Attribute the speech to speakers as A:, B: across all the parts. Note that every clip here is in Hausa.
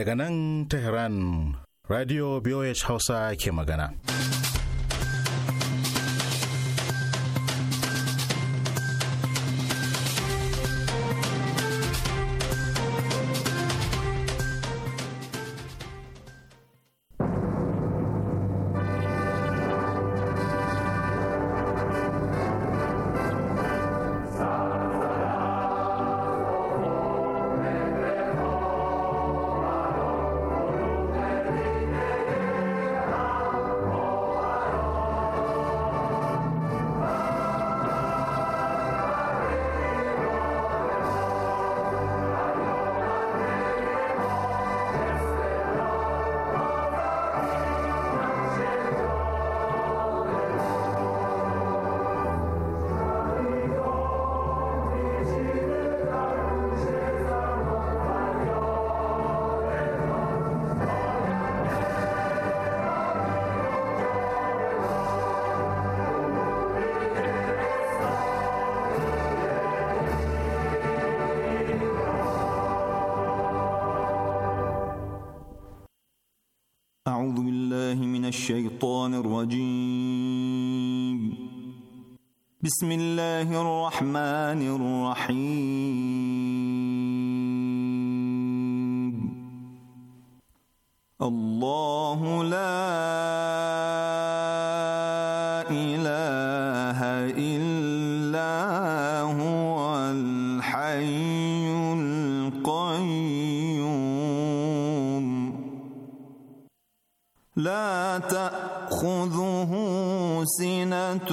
A: daga nan tehran radio bih hausa ke magana.
B: الله لا إله إلا هو الحي القيوم لا تأخذه سنة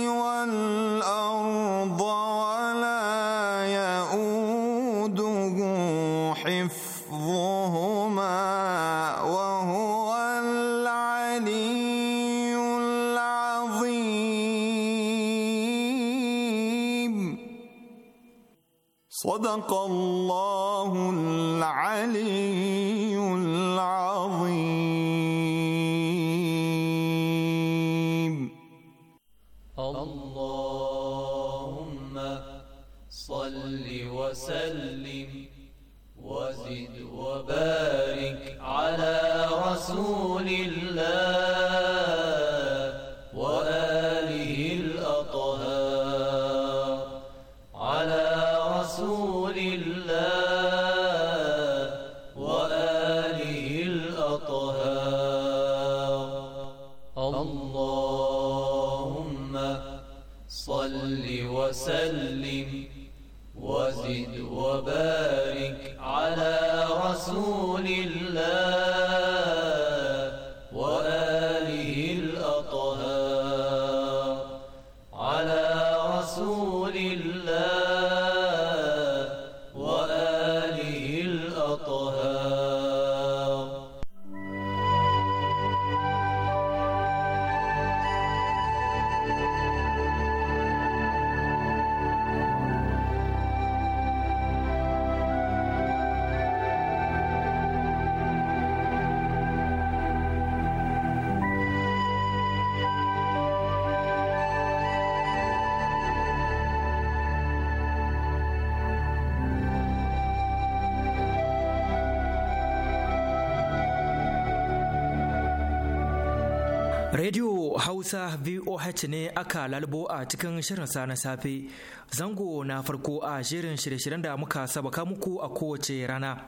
B: العليم
C: Hausa VOH ne aka lalbo a cikin shirinsa na safe. Zango na farko a shirin shirye-shiryen da muka sabaka muku a kowace rana.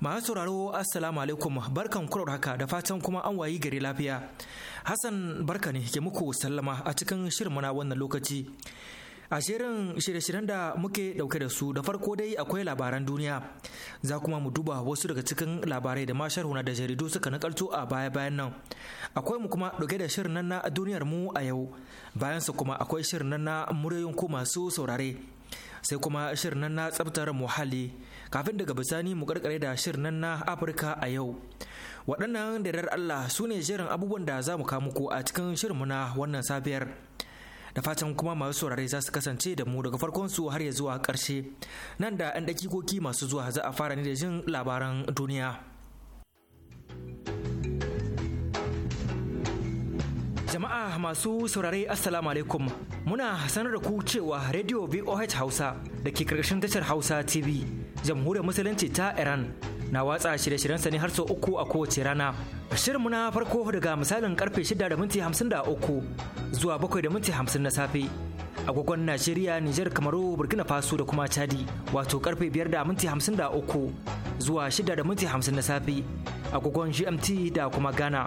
C: Masu sauraro Assalamu alaikum barkan kurar haka da fatan kuma an wayi gari lafiya. Hassan barka ne ke muku sallama a cikin shirin na wannan lokaci. a shirin shirye-shiryen da muke dauke da su da farko dai akwai labaran duniya za kuma mu duba wasu daga cikin labarai da na da jaridu suka nakalto a baya-bayan nan akwai mu kuma dauke da shirin nan na duniyar mu a yau bayan su kuma akwai shirin nan na muryoyin ku masu saurare sai kuma shirin nan na tsabtar muhalli kafin daga bisani mu karkare da shirin nan na afirka a yau waɗannan da Allah su ne shirin abubuwan da za mu kawo muku a cikin shirin mu na wannan safiyar da fatan kuma masu saurare za su kasance da mu daga farkon su har ya zuwa ƙarshe nan da 'yan dakikoki masu zuwa za a fara ne da jin labaran duniya Jama'a masu saurare Assalamu alaikum muna sanar da ku cewa Radio VOH Hausa da ke karkashin tashar Hausa TV jamhuriyar musulunci ta Iran na watsa shirye shiryen ne har sau uku a kowace rana. shirin muna farko daga misalin karfe shida zuwa bakwai na safe. agogon Najeriya, Nijar, Kamaru, Burkina Faso da kuma Chadi wato karfe 5:53 da zuwa 6:50 na safe agogon GMT da kuma Ghana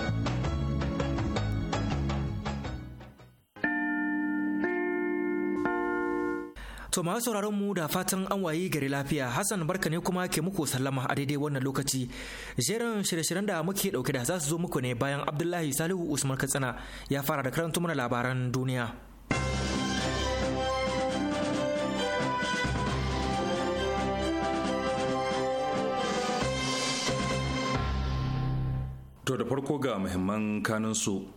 C: To masu sauraron mu da fatan an wayi gari lafiya Hassan barka ne kuma ke muku sallama a daidai wannan lokaci. Jerin shirye-shiryen da muke dauke da za su zo muku ne bayan Abdullahi Salihu Usman Katsina ya fara da karanta mana labaran duniya.
D: To da farko ga muhimman kanunsu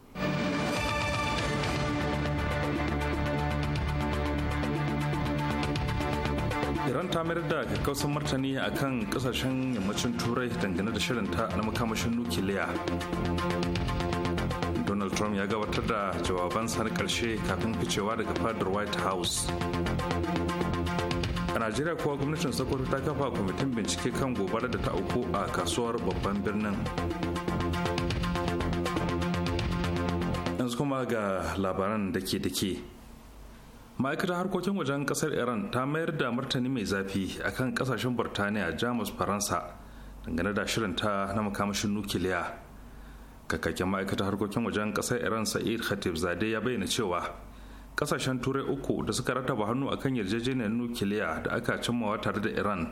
D: iran ta mayar da kakkausan martani a kan kasashen yammacin turai dangane da shirinta na makamashin nukiliya donald trump ya gabatar da jawabansa na karshe kafin ficewa daga fadar white house a najeriya kuwa gwamnatin sokoto ta kafa kwamitin bincike kan gobara da ta auku a kasuwar babban birnin yanzu kuma ga labaran da ke da ma'aikatar harkokin wajen kasar iran ta mayar da martani mai zafi akan kasashen burtaniya jamus faransa dangane da shirinta na makamashin nukiliya kakakken ma'aikatar harkokin wajen kasar iran sa'id khatib zade ya bayyana cewa kasashen turai uku da suka rataba hannu akan yarjejeniyar nukiliya da aka cimmawa tare da iran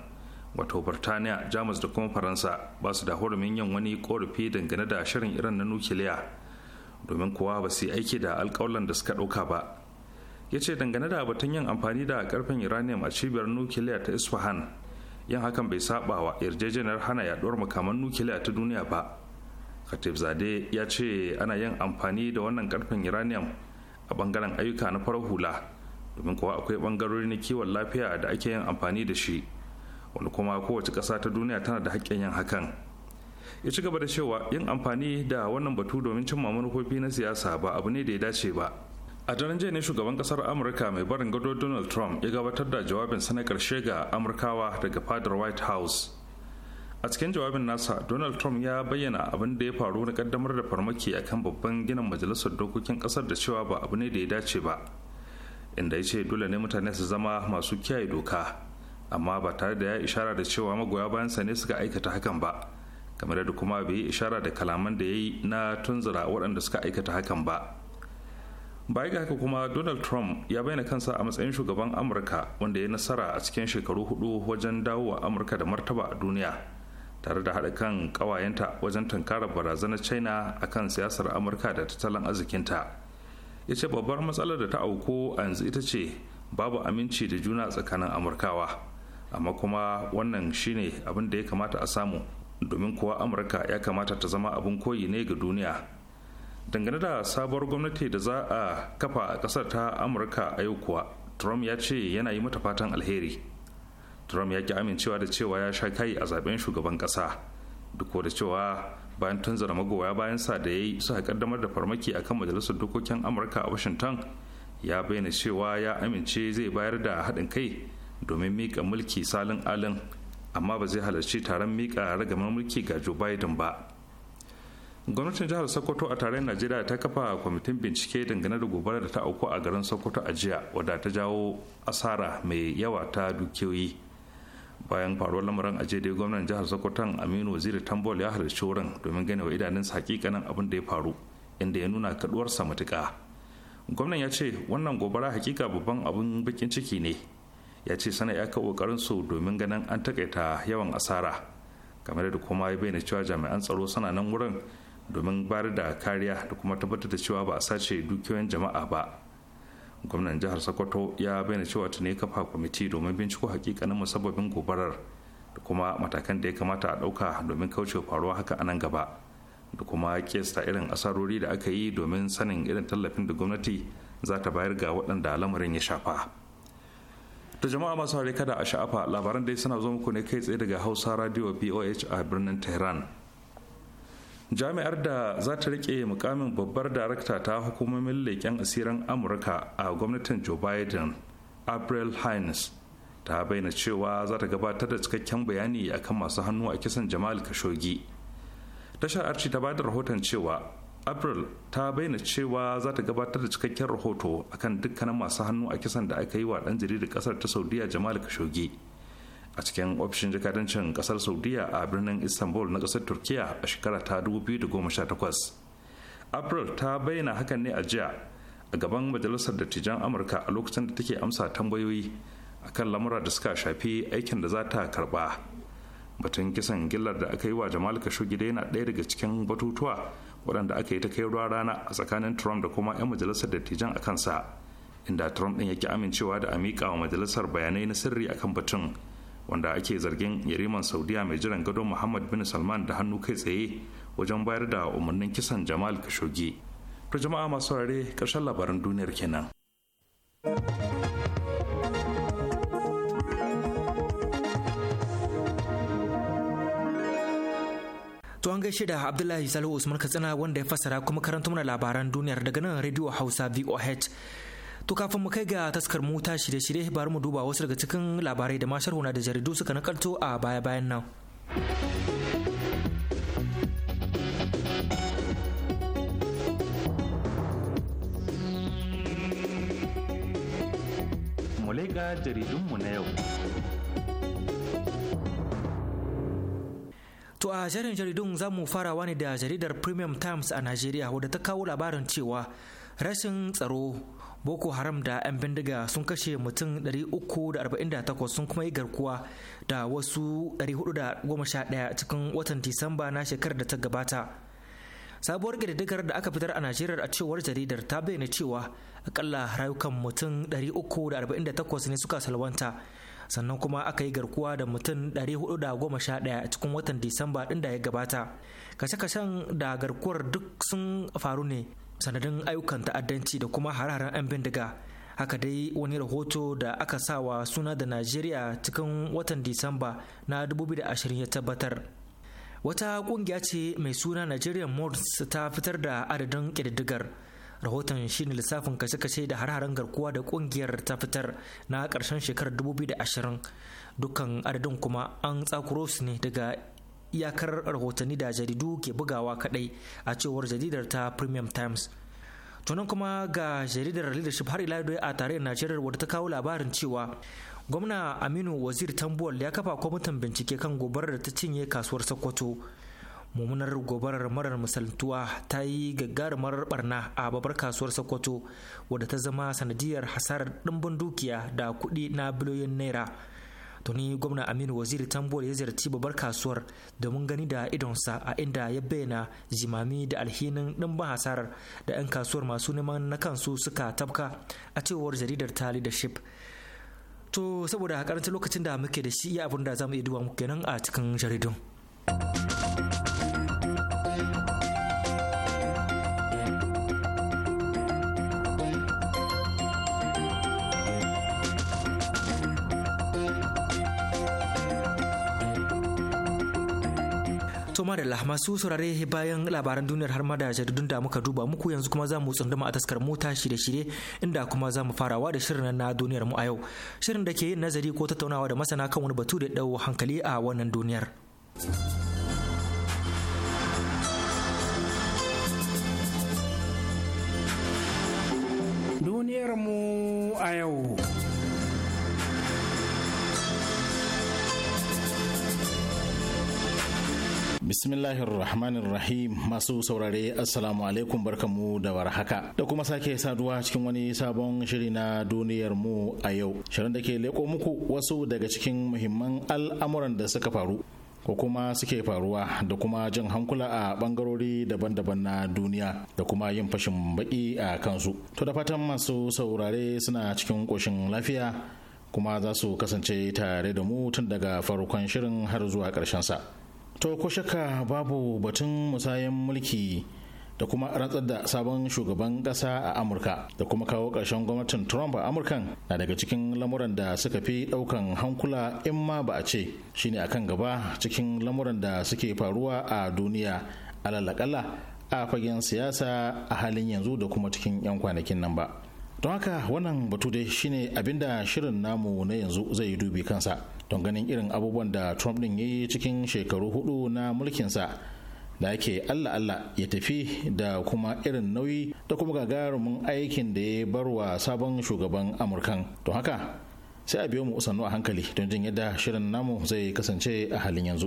D: wato burtaniya jamus da kuma faransa ba su da hurumin yin wani korafi dangane da shirin iran na nukiliya domin kuwa ba su yi aiki da alkawalan da suka ɗauka ba ya ce dangane da batun yin amfani da karfin uranium a cibiyar nukiliya ta isfahan yin hakan bai saba wa yarjejeniyar hana yaduwar makaman nukiliya ta duniya ba khatib zade ya ce ana yin amfani da wannan karfin uranium a bangaren ayyuka na farar hula domin kuwa akwai bangarori na kiwon lafiya da ake yin amfani da shi wani kuma kowace ƙasa ta duniya tana da haƙƙin yin hakan ya ci gaba da cewa yin amfani da wannan batu domin cimma manufofi na siyasa ba abu ne da ya dace ba a daren jiya ne shugaban kasar amurka mai barin gado donald trump ya gabatar da jawabin sanar karshe ga amurkawa daga fadar white house a cikin jawabin nasa donald trump ya bayyana abin da ya faru na kaddamar da farmaki akan babban ginin majalisar dokokin kasar da cewa ba abu ne da ya dace ba inda ya ce dole ne mutane su zama masu kiyaye doka amma ba tare da ya ishara da cewa magoya bayansa ne suka aikata hakan ba kamar da kuma bai yi ishara da kalaman da ya yi na tunzura waɗanda suka aikata hakan ba baya ga haka kuma donald trump ya bayyana kansa a matsayin shugaban amurka wanda ya nasara a cikin shekaru hudu wajen dawo wa amurka da martaba a duniya tare da haɗa kan ƙawayenta wajen tankarar barazanar china a kan siyasar amurka da tattalin arzikinta ya ce babbar matsalar da ta auku a yanzu ita ce babu aminci da juna tsakanin amurkawa amma kuma wannan shine abin da ya kamata a samu domin kuwa amurka ya kamata ta zama abin koyi ne ga duniya dangane da sabuwar gwamnati da za a kafa a kasar ta amurka a yau kuwa trump ya ce yana yi mata fatan alheri trump ya ki amincewa da cewa ya sha kai a zaben shugaban kasa duk da cewa bayan tunzura magoya bayan sa da ya yi suka kaddamar da farmaki akan majalisar dokokin amurka a washington ya bayyana cewa ya amince zai bayar da haɗin kai domin mika mulki salin alin amma ba zai halarci taron mika ragamar mulki ga joe biden ba gwamnatin jihar sokoto a tarayyar najeriya ta kafa kwamitin bincike dangane da gobara da ta auku a garin sokoto a jiya wadda ta jawo asara mai yawa ta dukiyoyi bayan faruwar lamarin a dai gwamnan jihar sokoton aminu waziri tambol ya halarci wurin domin ganewa idanunsa hakikanin abin da ya faru inda ya nuna kaduwarsa matuka. gwamnan ya ce wannan gobara hakika babban abin bakin ciki ne ya ce sana ya kokarin su domin ganin an takaita yawan asara kamar da kuma ya bayyana cewa jami'an tsaro suna nan wurin domin bayar da kariya da kuma tabbatar da cewa ba a sace dukiyoyin jama'a ba gwamnan jihar sokoto ya bayyana cewa ta ne kafa kwamiti domin binciko hakikanin musabbabin gobarar da kuma matakan da ya kamata a ɗauka domin kauce faruwa haka a nan gaba da kuma kesta irin asarori da aka yi domin sanin irin tallafin da gwamnati za ta bayar ga waɗanda lamarin ya shafa da jama'a masu kada a sha'afa labaran dai suna zo muku ne kai tsaye daga hausa radio boh a birnin tehran jami'ar da za ta rike mukamin babbar darakta ta hukumomin leƙen asirin amurka a gwamnatin joe biden april hines ta bayyana cewa za ta gabatar da cikakken bayani akan masu hannu a kisan jamal kashogi tashar arci ta bada rahoton cewa april ta bayyana cewa za ta gabatar da cikakken rahoto akan dukkanin masu hannu a kisan da aka yi wa ɗan jaridar kasar ta saudiya jamal kashogi a cikin ofishin jakadancin kasar saudiya a birnin istanbul na kasar turkiya a shekara ta 2018 april ta bayyana hakan ne a jiya a gaban majalisar dattijan amurka a lokacin da take amsa tambayoyi akan lamura da suka shafi aikin da za ta karba batun kisan gillar da aka yi wa jamal khashoggi dai yana ɗaya daga cikin batutuwa waɗanda aka yi ta kai ruwa rana a tsakanin trump da kuma 'yan majalisar dattijan a kansa inda trump ɗin ki amincewa da a wa majalisar bayanai na sirri akan batun wanda ake zargin yariman saudiya mai jiran gado muhammad bin salman da hannu kai tsaye wajen bayar da umarnin kisan jamal khashoggi to jama'a masu saurare karshen labaran duniyar kenan
C: To an gaishe da Abdullahi Salihu Usman Katsina wanda ya fassara kuma karanta mana labaran duniyar daga nan Radio Hausa VOH To kafin mu kai ga taskar mu ta shirye-shirye bari mu duba wasu daga cikin labarai da mashar na da jaridu suka nakalto a baya-bayan nan.
D: Mulega jaridunmu na yau.
C: To a jarin jaridun za mu farawa ne da jaridar Premium Times a Najeriya wadda ta kawo labarin cewa rashin tsaro boko haram da 'yan bindiga sun kashe mutum 348 sun kuma yi garkuwa da wasu 411 cikin watan disamba na shekarar da ta gabata sabuwar ƙididdigar da aka fitar a najeriya a cewar jaridar ta bayyana cewa akalla rayukan mutum 348 ne suka salwanta sannan kuma aka yi garkuwa da mutum 411 cikin watan disamba ɗin da ya gabata kashe-kashen da garkuwar duk sun faru ne sanadin ayyukan ta'addanci da kuma hararen 'yan bindiga haka dai wani rahoto da aka sawa suna da najeriya cikin watan disamba na 2020 ya tabbatar wata kungiya ce mai suna nigerian mods ta fitar da adadin kididdigar rahoton shine lissafin kashe-kashe da hararen garkuwa da kungiyar ta fitar na ƙarshen shekarar 2020 dukkan adadin kuma an tsakuro su ne daga iyakar rahotanni da jaridu ke bugawa kadai a cewar jaridar ta premium times tunan kuma ga jaridar leadership har ila a tarayyar najeriya wadda ta kawo labarin cewa gwamna aminu wazir tambuwal ya kafa kwamitin bincike kan gobarar da ta cinye kasuwar sokoto mummunar gobarar marar misaltuwa ta yi gagarumar barna a babbar kasuwar sokoto wadda ta zama sanadiyar hasarar dimbin dukiya da kuɗi na biliyoyin naira tuni gwamna aminu waziri tambol ya ziyarci babbar kasuwar domin gani da idonsa a inda ya bayyana jimami da alhinin ɗimbin hasarar da 'yan kasuwar masu neman na kansu suka tabka a cewar jaridar ta leadership to saboda karancin lokacin da muke da shi iya abin da za mu iya duba mu kenan a cikin jaridun. Kuma madalla masu saurare bayan labaran duniyar har ma da jaridun da muka duba muku yanzu kuma za mu tsunduma a taskar mota shirye-shirye inda kuma za mu farawa da shirin na duniyar mu a yau shirin da ke yin nazari ko tattaunawa da masana kan wani batu da ya dawo hankali a wannan duniyar.
E: Duniyar mu a yau.
A: Bismillahir masu saurare Assalamu alaikum barkamu da warhaka da kuma sake saduwa cikin wani sabon shiri na duniyar mu a yau. Shirin da ke leko muku wasu daga cikin muhimman al'amuran da suka faru ko kuma suke faruwa da kuma jin hankula a bangarori daban-daban na duniya da kuma yin fashin baki a kansu. To da fatan masu saurare suna cikin ƙoshin lafiya kuma za su kasance tare da mu tun daga farkon shirin har zuwa ƙarshen sa. to ko shakka babu batun musayen mulki da kuma rantsar da sabon shugaban kasa a amurka da kuma kawo ƙarshen gwamnatin trump a amurka na daga cikin lamuran da suka fi ɗaukan hankula in ma ba a ce shine akan gaba cikin lamuran da suke faruwa a duniya alalakala a fagen siyasa a halin yanzu da kuma cikin 'yan kwanakin nan ba don haka wannan batu dai shine abinda shirin namu na yanzu zai yi dubi kansa don ganin irin abubuwan da trump din ya yi cikin shekaru hudu na mulkinsa da ake allah allah ya tafi da kuma irin nauyi da kuma gagarumin aikin da ya bar wa sabon shugaban amurkan don haka sai a biyo mu sannu a hankali don jin yadda shirin namu zai kasance a halin yanzu.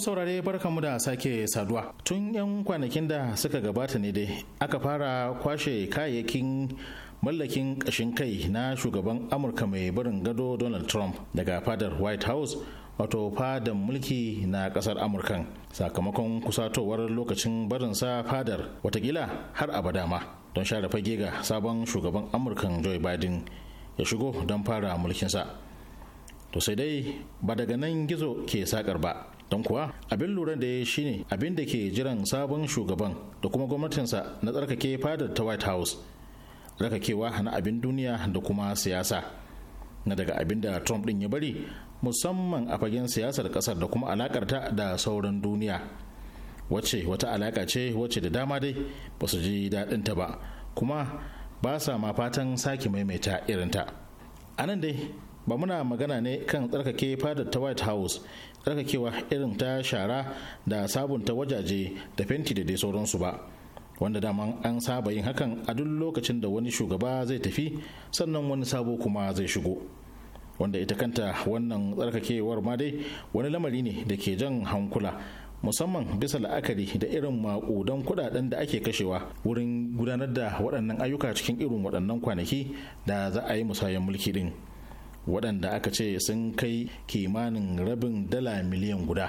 A: saurare barkamu da sake saduwa tun 'yan kwanakin da suka gabata ne dai aka fara kwashe kayayyakin mallakin kashin kai na shugaban amurka mai barin gado donald trump daga fadar white house wato fadar mulki na kasar amurkan sakamakon kusatowar lokacin barinsa fadar watakila har abada ma don share fage ga sabon shugaban amurkan joe biden ya shigo don fara mulkinsa to sai dai ba daga nan gizo ke sakar ba don kuwa abin lura da ya shine abin da ke jiran sabon shugaban da kuma gwamnatinsa na tsarkake fadar ta white house rakakewa na abin duniya da kuma siyasa na daga abin da trump din ya bari musamman a fagen siyasar kasar da kuma alakarta da sauran duniya wacce wata alaka ce wacce da dama dai ba su ji daɗin ta ba kuma ba sa ma fatan sake maimaita irinta a nan dai ba muna magana ne kan tsarkake fadar ta white house tsarkakewa irin ta shara da sabunta wajaje da fenti da dai sauransu ba wanda dama an saba yin hakan a duk lokacin da wani shugaba zai tafi sannan wani sabo kuma zai shigo wanda ita kanta wannan tsarkakewar ma dai wani lamari ne da ke jan hankula musamman bisa la'akari da irin maƙudan kudaden da ake kashewa wurin gudanar da waɗannan ayyuka cikin irin waɗannan kwanaki da za a yi musayen mulki din. waɗanda aka ce sun kai kimanin rabin dala miliyan guda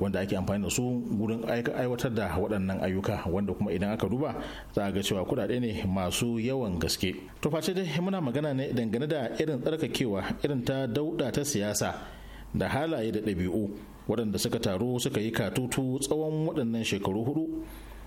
A: wanda ake amfani da su gurin aiwatar da waɗannan ayyuka wanda kuma idan aka duba za a ga cewa kuɗaɗe ne masu yawan gaske to face dai muna magana ne dangane da irin tsarkakewa irin ta dauɗa ta siyasa da halaye da ɗabi'u waɗanda suka taru suka yi katutu tsawon waɗannan shekaru hudu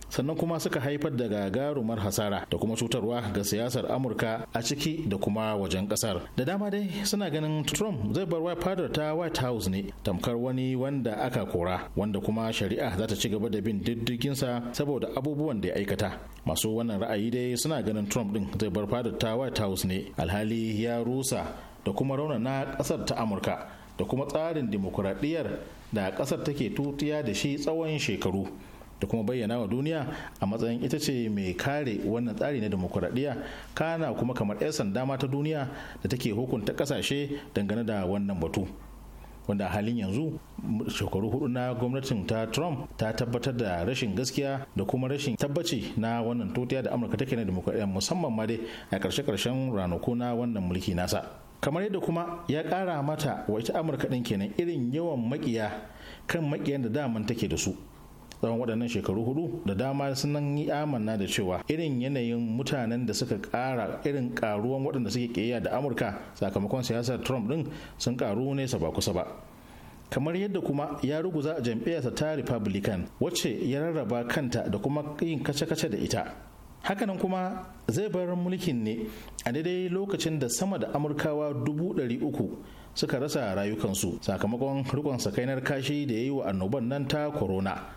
A: sannan kuma suka haifar da gagarumar hasara da kuma cutarwa ga siyasar amurka a ciki da kuma wajen kasar da dama dai suna ganin trump zai bar fadar ta white house ne tamkar wani wanda aka kora wanda kuma shari'a za ta ci gaba da bin diddiginsa saboda abubuwan da ya aikata masu wannan ra'ayi dai suna ganin trump din zai bar fadar ta white house ne alhali ya rusa da kuma na kasar ta amurka da kuma tsarin dimokuraɗiyyar da kasar take tutiya da shi tsawon shekaru da kuma bayyana wa duniya a matsayin ita ce mai kare wannan tsari na demokuraɗiyya kana kuma kamar 'yan sanda ma ta duniya da take hukunta ƙasashe dangane da wannan batu wanda a halin yanzu shekaru hudu na gwamnatin ta trump ta tabbatar da rashin gaskiya da kuma rashin tabbaci na wannan totiya da amurka take na demokuraɗiyya musamman ma dai a karshe karshen ranaku na wannan mulki nasa kamar yadda kuma ya kara mata wa ita amurka ɗin kenan irin yawan makiya kan makiyan da daman take da su tsawon waɗannan shekaru hudu da dama sunan yi amanna da cewa irin yanayin mutanen da suka ƙara irin ƙaruwan waɗanda suke ƙiyayya da amurka sakamakon siyasar trump ɗin sun ƙaru nesa ba kusa ba kamar yadda kuma ya ruguza jam'iyyarsa ta republican wacce ya rarraba kanta da kuma yin kace-kace da ita hakanan kuma zai bar mulkin ne a daidai lokacin da sama da amurkawa dubu ɗari uku suka rasa rayukansu sakamakon rikon sakainar kashi da ya yi wa annoban nan ta corona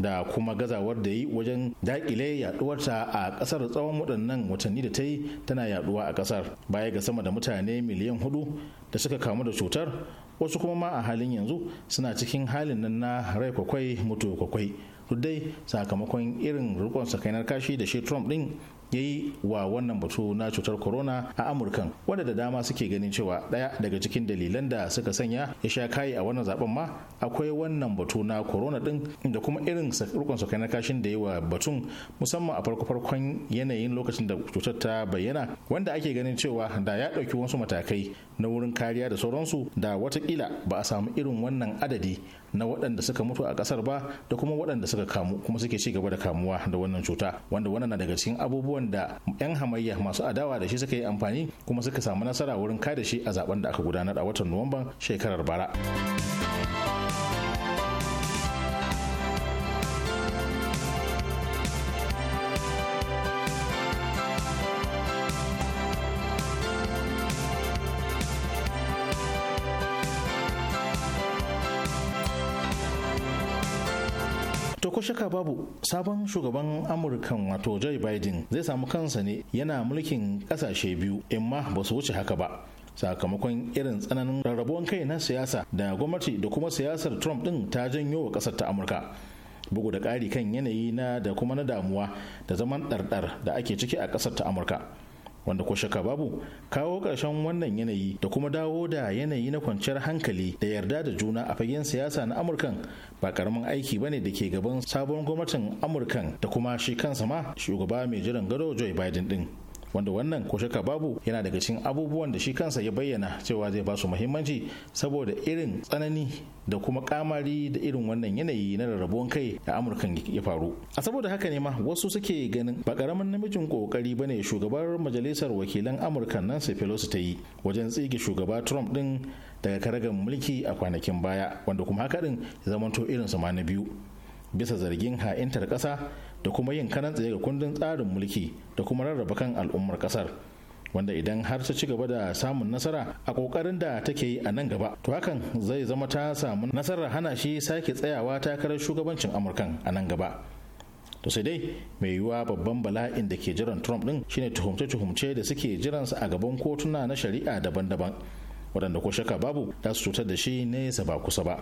A: da kuma gazawar da yi wajen dakile yaduwarta a kasar tsawon waɗannan watanni da ta yi tana yaduwa a kasar baya ga sama da mutane miliyan hudu da suka kamu da cutar wasu kuma ma a halin yanzu suna cikin halin nan na rai kwakwai mutu kwakwai duk dai sakamakon irin rikon sakainar kashi da shi trump din ya yi wa wannan batu na cutar corona a amurkan wanda da dama suke ganin cewa daya daga cikin dalilan da suka sanya ya sha kayi a wannan zaben ma akwai wannan batu na corona din da kuma irin rukun sakai na kashin da yi wa batun musamman a farko farkon yanayin lokacin da cutar ta bayyana wanda ake ganin cewa da ya ɗauki wasu matakai na wurin kariya da sauransu da watakila ba a samu irin wannan adadi na waɗanda suka mutu a ƙasar ba da kuma waɗanda suka kamu kuma suke ci gaba da kamuwa da wannan cuta wanda wannan na daga cikin abubuwan da 'yan hamayya masu adawa da shi suka yi amfani kuma suka samu nasara wurin kada shi a zaben da aka gudanar a watan nuwamban shekarar bara. haka babu sabon shugaban amurkan wato joe biden zai samu kansa ne yana mulkin kasashe biyu imma ba su wuce haka ba sakamakon irin tsananin rarrabuwan kai na siyasa da gwamnati da kuma siyasar trump din ta janyo wa kasar ta amurka bugu da ƙari kan yanayi na da kuma na damuwa da zaman ɗarɗar da ake ciki a ƙasar ta amurka wanda ko shaka babu kawo ƙarshen wannan yanayi da kuma dawo da yanayi na kwanciyar hankali da yarda da juna a fagen siyasa na amurkan ba karamin aiki bane da ke gaban sabon gwamnatin amurkan da kuma shi kansa ma shugaba mai jiran gado joe biden din wanda wannan ko shaka babu yana daga cikin abubuwan da shi kansa ya bayyana cewa zai ba su muhimmanci saboda irin tsanani da kuma kamari da irin wannan yanayi na rarrabuwan kai da amurkan ya faru a saboda haka ne ma wasu suke ganin ba karamin namijin kokari bane shugabar majalisar wakilan amurka nancy pelosi ta yi wajen tsige shugaba trump din daga karagar mulki a kwanakin baya wanda kuma haka din zamanto irin su ma na biyu bisa zargin ha'intar kasa. da kuma yin kanan tsaye ga kundin tsarin mulki da kuma rarraba kan al'ummar kasar wanda idan har ta ci gaba da samun nasara a kokarin da take yi a nan gaba to hakan zai zama ta samu nasarar hana shi sake tsayawa takarar shugabancin amurkan a nan gaba to sai dai mai yiwuwa babban bala'in da ke jiran trump din shine tuhumce-tuhumce da suke jiransa a gaban kotuna na shari'a daban-daban waɗanda ko shaka babu za su cutar da shi nesa ba kusa ba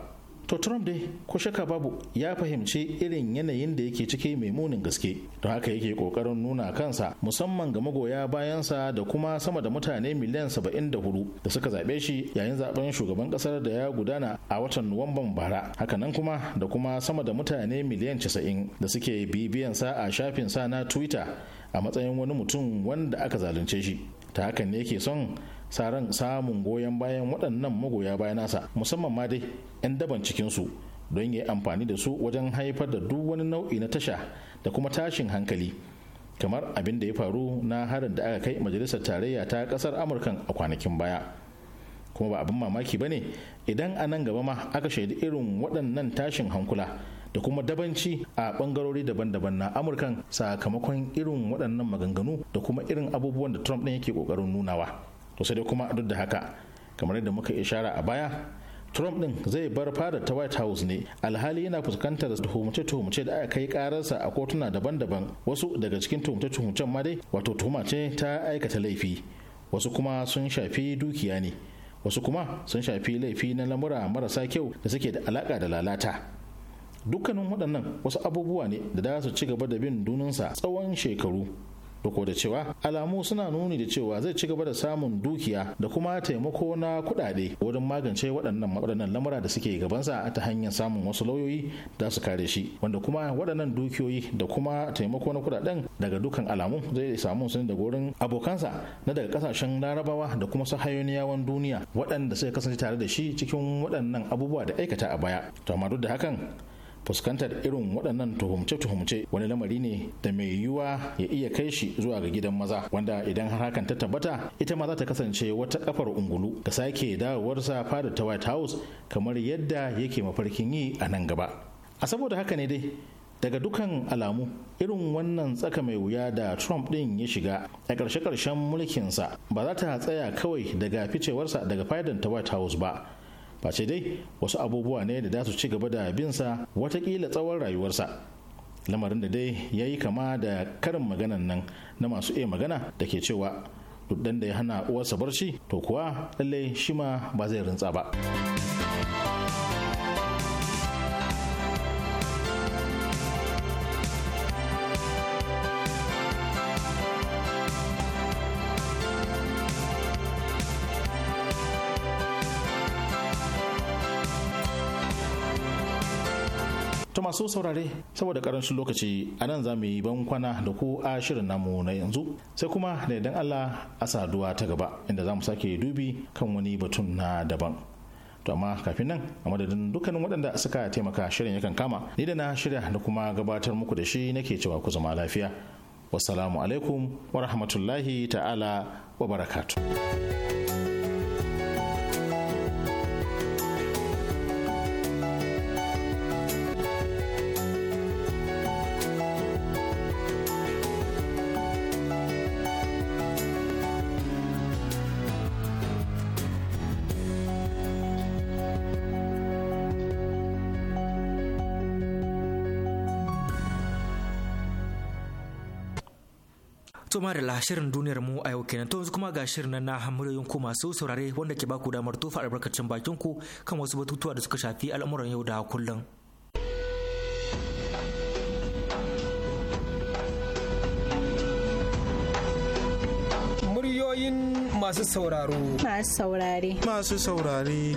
A: to trump dai ko shaka babu ya fahimci irin yanayin da yake ciki mai munin gaske don haka yake kokarin nuna kansa musamman ga magoya bayansa da kuma sama da mutane miliyan saba'in da hudu da suka zaɓe shi yayin zaben shugaban ƙasar da ya gudana a watan nuwamban bara hakanan kuma da kuma sama da mutane miliyan 90 da suke bibiyansa a shafin sa na twitter a matsayin wani mutum wanda aka zalunce shi ta hakan ne yake son sa ran samun goyon bayan waɗannan magoya bayan nasa musamman ma dai 'yan daban cikinsu don ya yi amfani da su wajen haifar da duk wani nau'i na tasha da kuma tashin hankali kamar abin da ya faru na harin da aka kai majalisar tarayya ta kasar amurkan a kwanakin baya kuma ba abin mamaki ba ne idan a nan gaba ma aka shaidi irin waɗannan tashin hankula da kuma dabanci a bangarori daban-daban na amurkan sakamakon irin waɗannan maganganu da kuma irin abubuwan da trump ɗin yake ƙoƙarin nunawa to sai dai kuma duk da haka kamar yadda muka ishara a baya Trump din zai bar fadar ta White House ne alhali yana fuskantar tuhumce-tuhumce da aka kai kararsa a kotuna daban-daban wasu daga cikin tuhumce-tuhumcen ma dai wato tuhuma ce ta aikata laifi wasu kuma sun shafi dukiya ne wasu kuma sun shafi laifi na lamura marasa kyau da suke da alaka da lalata dukkanin waɗannan wasu abubuwa ne da za su ci gaba da bin dununsa tsawon shekaru riko da cewa alamu suna nuni da cewa zai ci gaba da samun dukiya da kuma taimako na kudade wurin magance waɗannan waɗannan lamura da suke gabansa ta hanyar samun wasu lauyoyi da su kare shi wanda kuma waɗannan dukiyoyi da kuma taimako na kuɗaɗen daga dukkan alamu zai samu su da gurin abokansa na daga kasashen larabawa da kuma yawan duniya waɗanda suka kasance tare da shi cikin waɗannan abubuwa da aikata a baya to amma duk da hakan fuskantar irin waɗannan tuhumce-tuhumce wani lamari ne da mai yiwuwa ya iya kai shi zuwa ga gidan maza wanda idan har hakan ta tabbata ita ma za ta kasance wata kafar ungulu ga sake dawowarsa fadar ta white house kamar yadda yake mafarkin yi a nan gaba a saboda haka ne dai daga dukan alamu irin wannan tsaka mai wuya da trump ɗin ya shiga a ƙarshe-ƙarshen mulkinsa ba za ta tsaya kawai daga ficewarsa daga fadan ta white house ba face dai wasu abubuwa ne da za su ci gaba da binsa watakila tsawon rayuwarsa lamarin da dai ya yi kama da karin maganan nan na masu iya magana da ke cewa duk da ya hana uwarsa barci to kuwa lallai shi ma ba zai rintsa ba. to masu saurare saboda karancin lokaci a nan za mu yi bankwana da ku a shirin namu na yanzu sai kuma da idan allah a saduwa ta gaba inda za mu sake dubi kan wani batun na daban to amma kafin nan a madadin dukkanin waɗanda suka taimaka shirin yakan kama ni da na shirya da kuma gabatar muku da shi nake cewa ku zama lafiya wassalamu alaikum wa rahmatullahi ta'ala wa barakatuh
C: kuma da shirin duniyar mu a yau kenan to yanzu kuma ga shirin na muryoyin ku masu saurare wanda ke baku damar tofa albarkacin bakin ku kan wasu batutuwa da suka shafi al'amuran yau da
E: kullum. Muryoyin masu sauraro.
F: Masu saurare.
C: Masu saurare.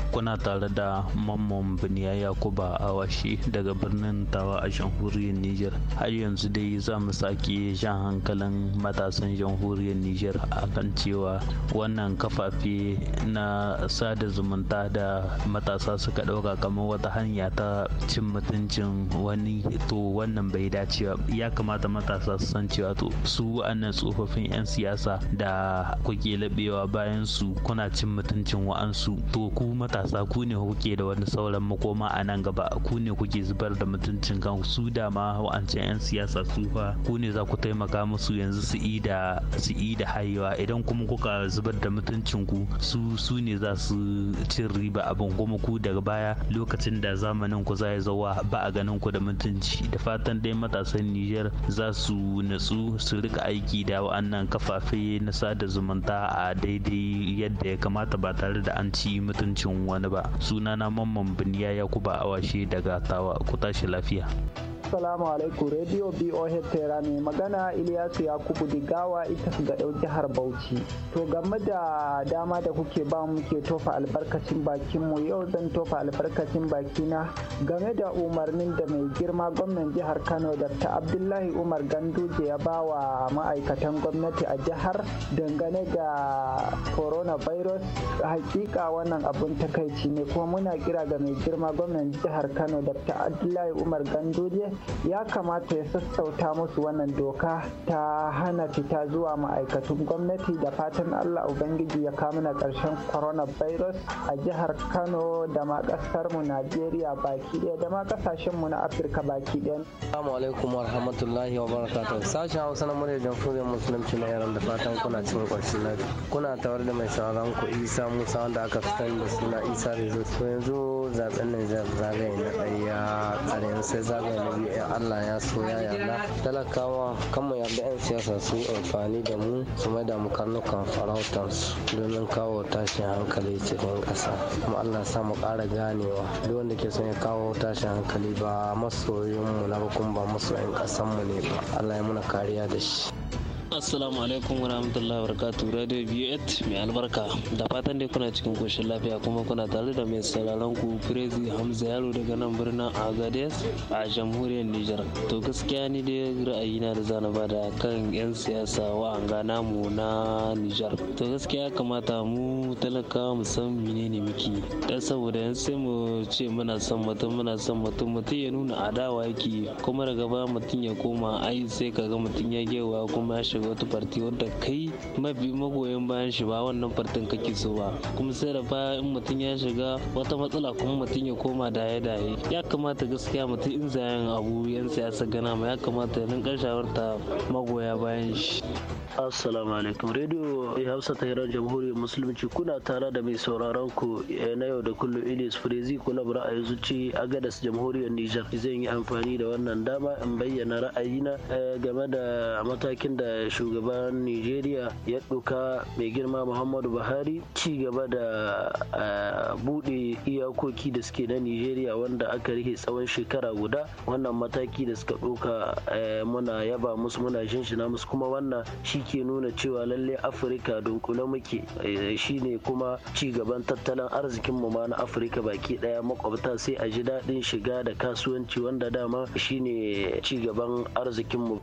C: kuna
G: tare da mamman biniya yakuba awashi daga birnin tawa a jamhuriyar niger har yanzu dai za mu sake jan hankalin matasan jamhuriyar niger akan cewa wannan kafafe na sada zumunta da matasa suka ɗauka kamar wata hanya ta cin mutuncin wani to wannan bai dace ba ya kamata matasa su san cewa to su wa'annan tsofaffin 'yan siyasa da kuke laɓewa bayan su kuna cin mutuncin wa'ansu to ku matasa matasa ku ne kuke da wani sauran makoma a nan gaba ku ne kuke zubar da mutuncin kan su da wa'ancan 'yan siyasa su fa ku ne za ku taimaka musu yanzu su yi da su yi da hayewa idan kuma kuka zubar da mutuncin ku su su ne za su cin riba abin kuma ku daga baya lokacin da zamanin ku zai ba a ganin ku da mutunci da fatan dai matasan Nijar za su natsu su rika aiki da wa'annan kafafe na sada zumunta a daidai yadda ya kamata ba tare da an ci mutuncin wani ba sunana mamman biniya yakuba awashe daga tawa ku tashi lafiya
H: Assalamu alaikum Radio BOH Tera ne magana Ilyasu Yakubu Digawa ita ga ɗau jihar Bauchi. To game da dama da kuke ba mu ke tofa albarkacin bakin mu yau zan tofa albarkacin baki na game da umarnin da mai girma gwamnan jihar Kano Dr. Abdullahi Umar Ganduje ya ba wa ma'aikatan gwamnati a jihar dangane da coronavirus hakika wannan abun takaici ne kuma muna kira ga mai girma gwamnan jihar Kano Dr. Abdullahi Umar Ganduje ya kamata ya sassauta musu wannan doka ta hana fita zuwa ma'aikatun gwamnati da fatan allah ubangiji ya kamuna ƙarshen coronavirus a jihar kano da ma ƙasarmu najeriya baki ɗaya da ma ƙasashenmu na afirka baki ɗaya.
I: assalamu alaikum warahmatullahi wabarakatuh sashen hausa na muryar jamhuriyar musulunci na yaran da fatan kuna cikin ƙarshen lafiya kuna tawar da mai sauraron ku isa musa wanda aka fi sani da suna isa rezo to yanzu zaɓen nan zagaye na ɗaya tsare sai zagaye na biyu ya allah ya so ya yarda talakawa kanmu yarda 'yan siyasa su yi amfani da mu su mai da mu karnukan farautansu domin kawo tashin hankali cikin ƙasa kuma allah sa mu ƙara ganewa duk wanda ke son ya kawo tashin hankali ba masoyin mu na ba kuma ba masoyin ƙasanmu mu ne ba allah ya muna kariya da shi
G: assalamu alaikum wa rahmatullahi wa barakatuh radio B8 mai albarka da fatan dai kuna cikin koshin lafiya kuma kuna tare da mai sauraron ku crazy hamza yaro daga nan birnin Agadez a jamhuriyar niger to gaskiya ni dai ra'ayina da zana da kan yan siyasa wa gana mu na niger to gaskiya kamata mu talaka mu san menene muke dan saboda yan sai mu ce muna son mutum muna son mutum mutum ya nuna adawa yake kuma daga ba mutum ya koma ai sai kaga mutum ya gewa kuma ya wata farti wanda kai mafi magoyan bayan shi ba wannan fartin kake so ba kuma sai da baya in mutum ya shiga wata matsala kuma mutum ya koma daye daye ya kamata gaskiya mutum in zayen abu yan siyasa gana ma ya kamata ya rinka shawarta magoya bayan shi assalamu alaikum radio hausa ta hirar jamhuriyar musulunci kuna tare da mai sauraron ku eh, na yau da kullum ilis frezi kula ra'ayi zuci a gadas jamhuriyar nijar zan yi amfani da wannan dama in bayyana ra'ayina eh, game da matakin da shugaban Nijeriya ya ɗauka mai girma Muhammadu Buhari ci gaba da buɗe iyakoki da suke na Nijeriya wanda aka rike tsawon shekara guda wannan mataki da suka ɗauka muna yaba musu muna shinshina musu kuma wannan shi ke nuna cewa lalle Afirka dunkule muke shine kuma ci gaban tattalin arzikin mu ma na Afirka baki ɗaya makwabta sai a ji daɗin shiga da kasuwanci wanda dama shine ci gaban arzikin mu.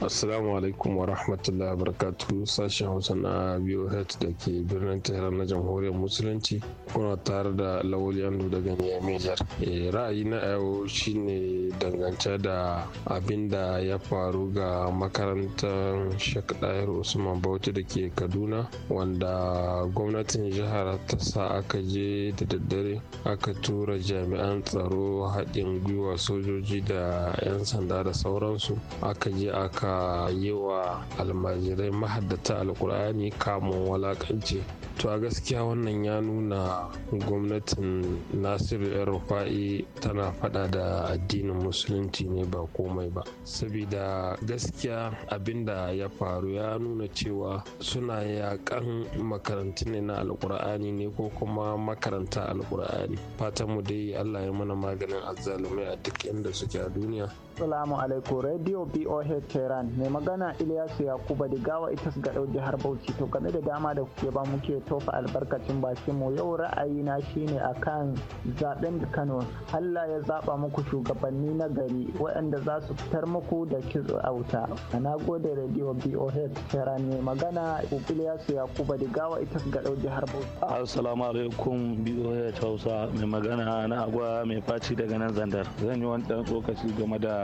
J: Assalamu alaikum wa rahmatullahi wa sashen Hausa na BOH da ke birnin Tehran na Jamhuriyar Musulunci kuna tare da Lawali Andu daga Nijar. Eh, ra'ayi na yau shine dangance da abin da ya faru ga makarantar Sheikh Dair Usman Bauchi da ke Kaduna wanda gwamnatin jihar ta sa aka je da daddare aka tura jami'an tsaro haɗin gwiwa sojoji da 'yan sanda da sauransu aka je aka aka yi wa almajirai mahaddata alkur'ani kamun walakanci to a gaskiya wannan ya nuna gwamnatin nasiru yan rufa'i tana fada da addinin musulunci ne ba komai ba saboda gaskiya abinda ya faru ya nuna cewa suna yakan makarantu ne na alkur'ani ne ko kuma makaranta alkur'ani fatanmu dai allah ya mana maganin azzalumai a duk inda suke a duniya Assalamu alaikum
H: Radio BOH Tehran mai magana Ilyasu Yakuba da gawa ita ga gaɗau jihar Bauchi to game da dama da kuke ba muke tofa albarkacin bakin mu yau ra'ayina shine akan zaben Kano Allah ya zaba muku shugabanni na gari waɗanda za su fitar muku da kitso a wuta. Na gode Radio BOH Tehran mai magana Ilyasu Yakuba da gawa ita ga gaɗau jihar Bauchi.
K: Assalamu alaikum BOH Hausa mai magana na agwa mai faci daga nan zandar. Zan yi wani ɗan tsokaci game da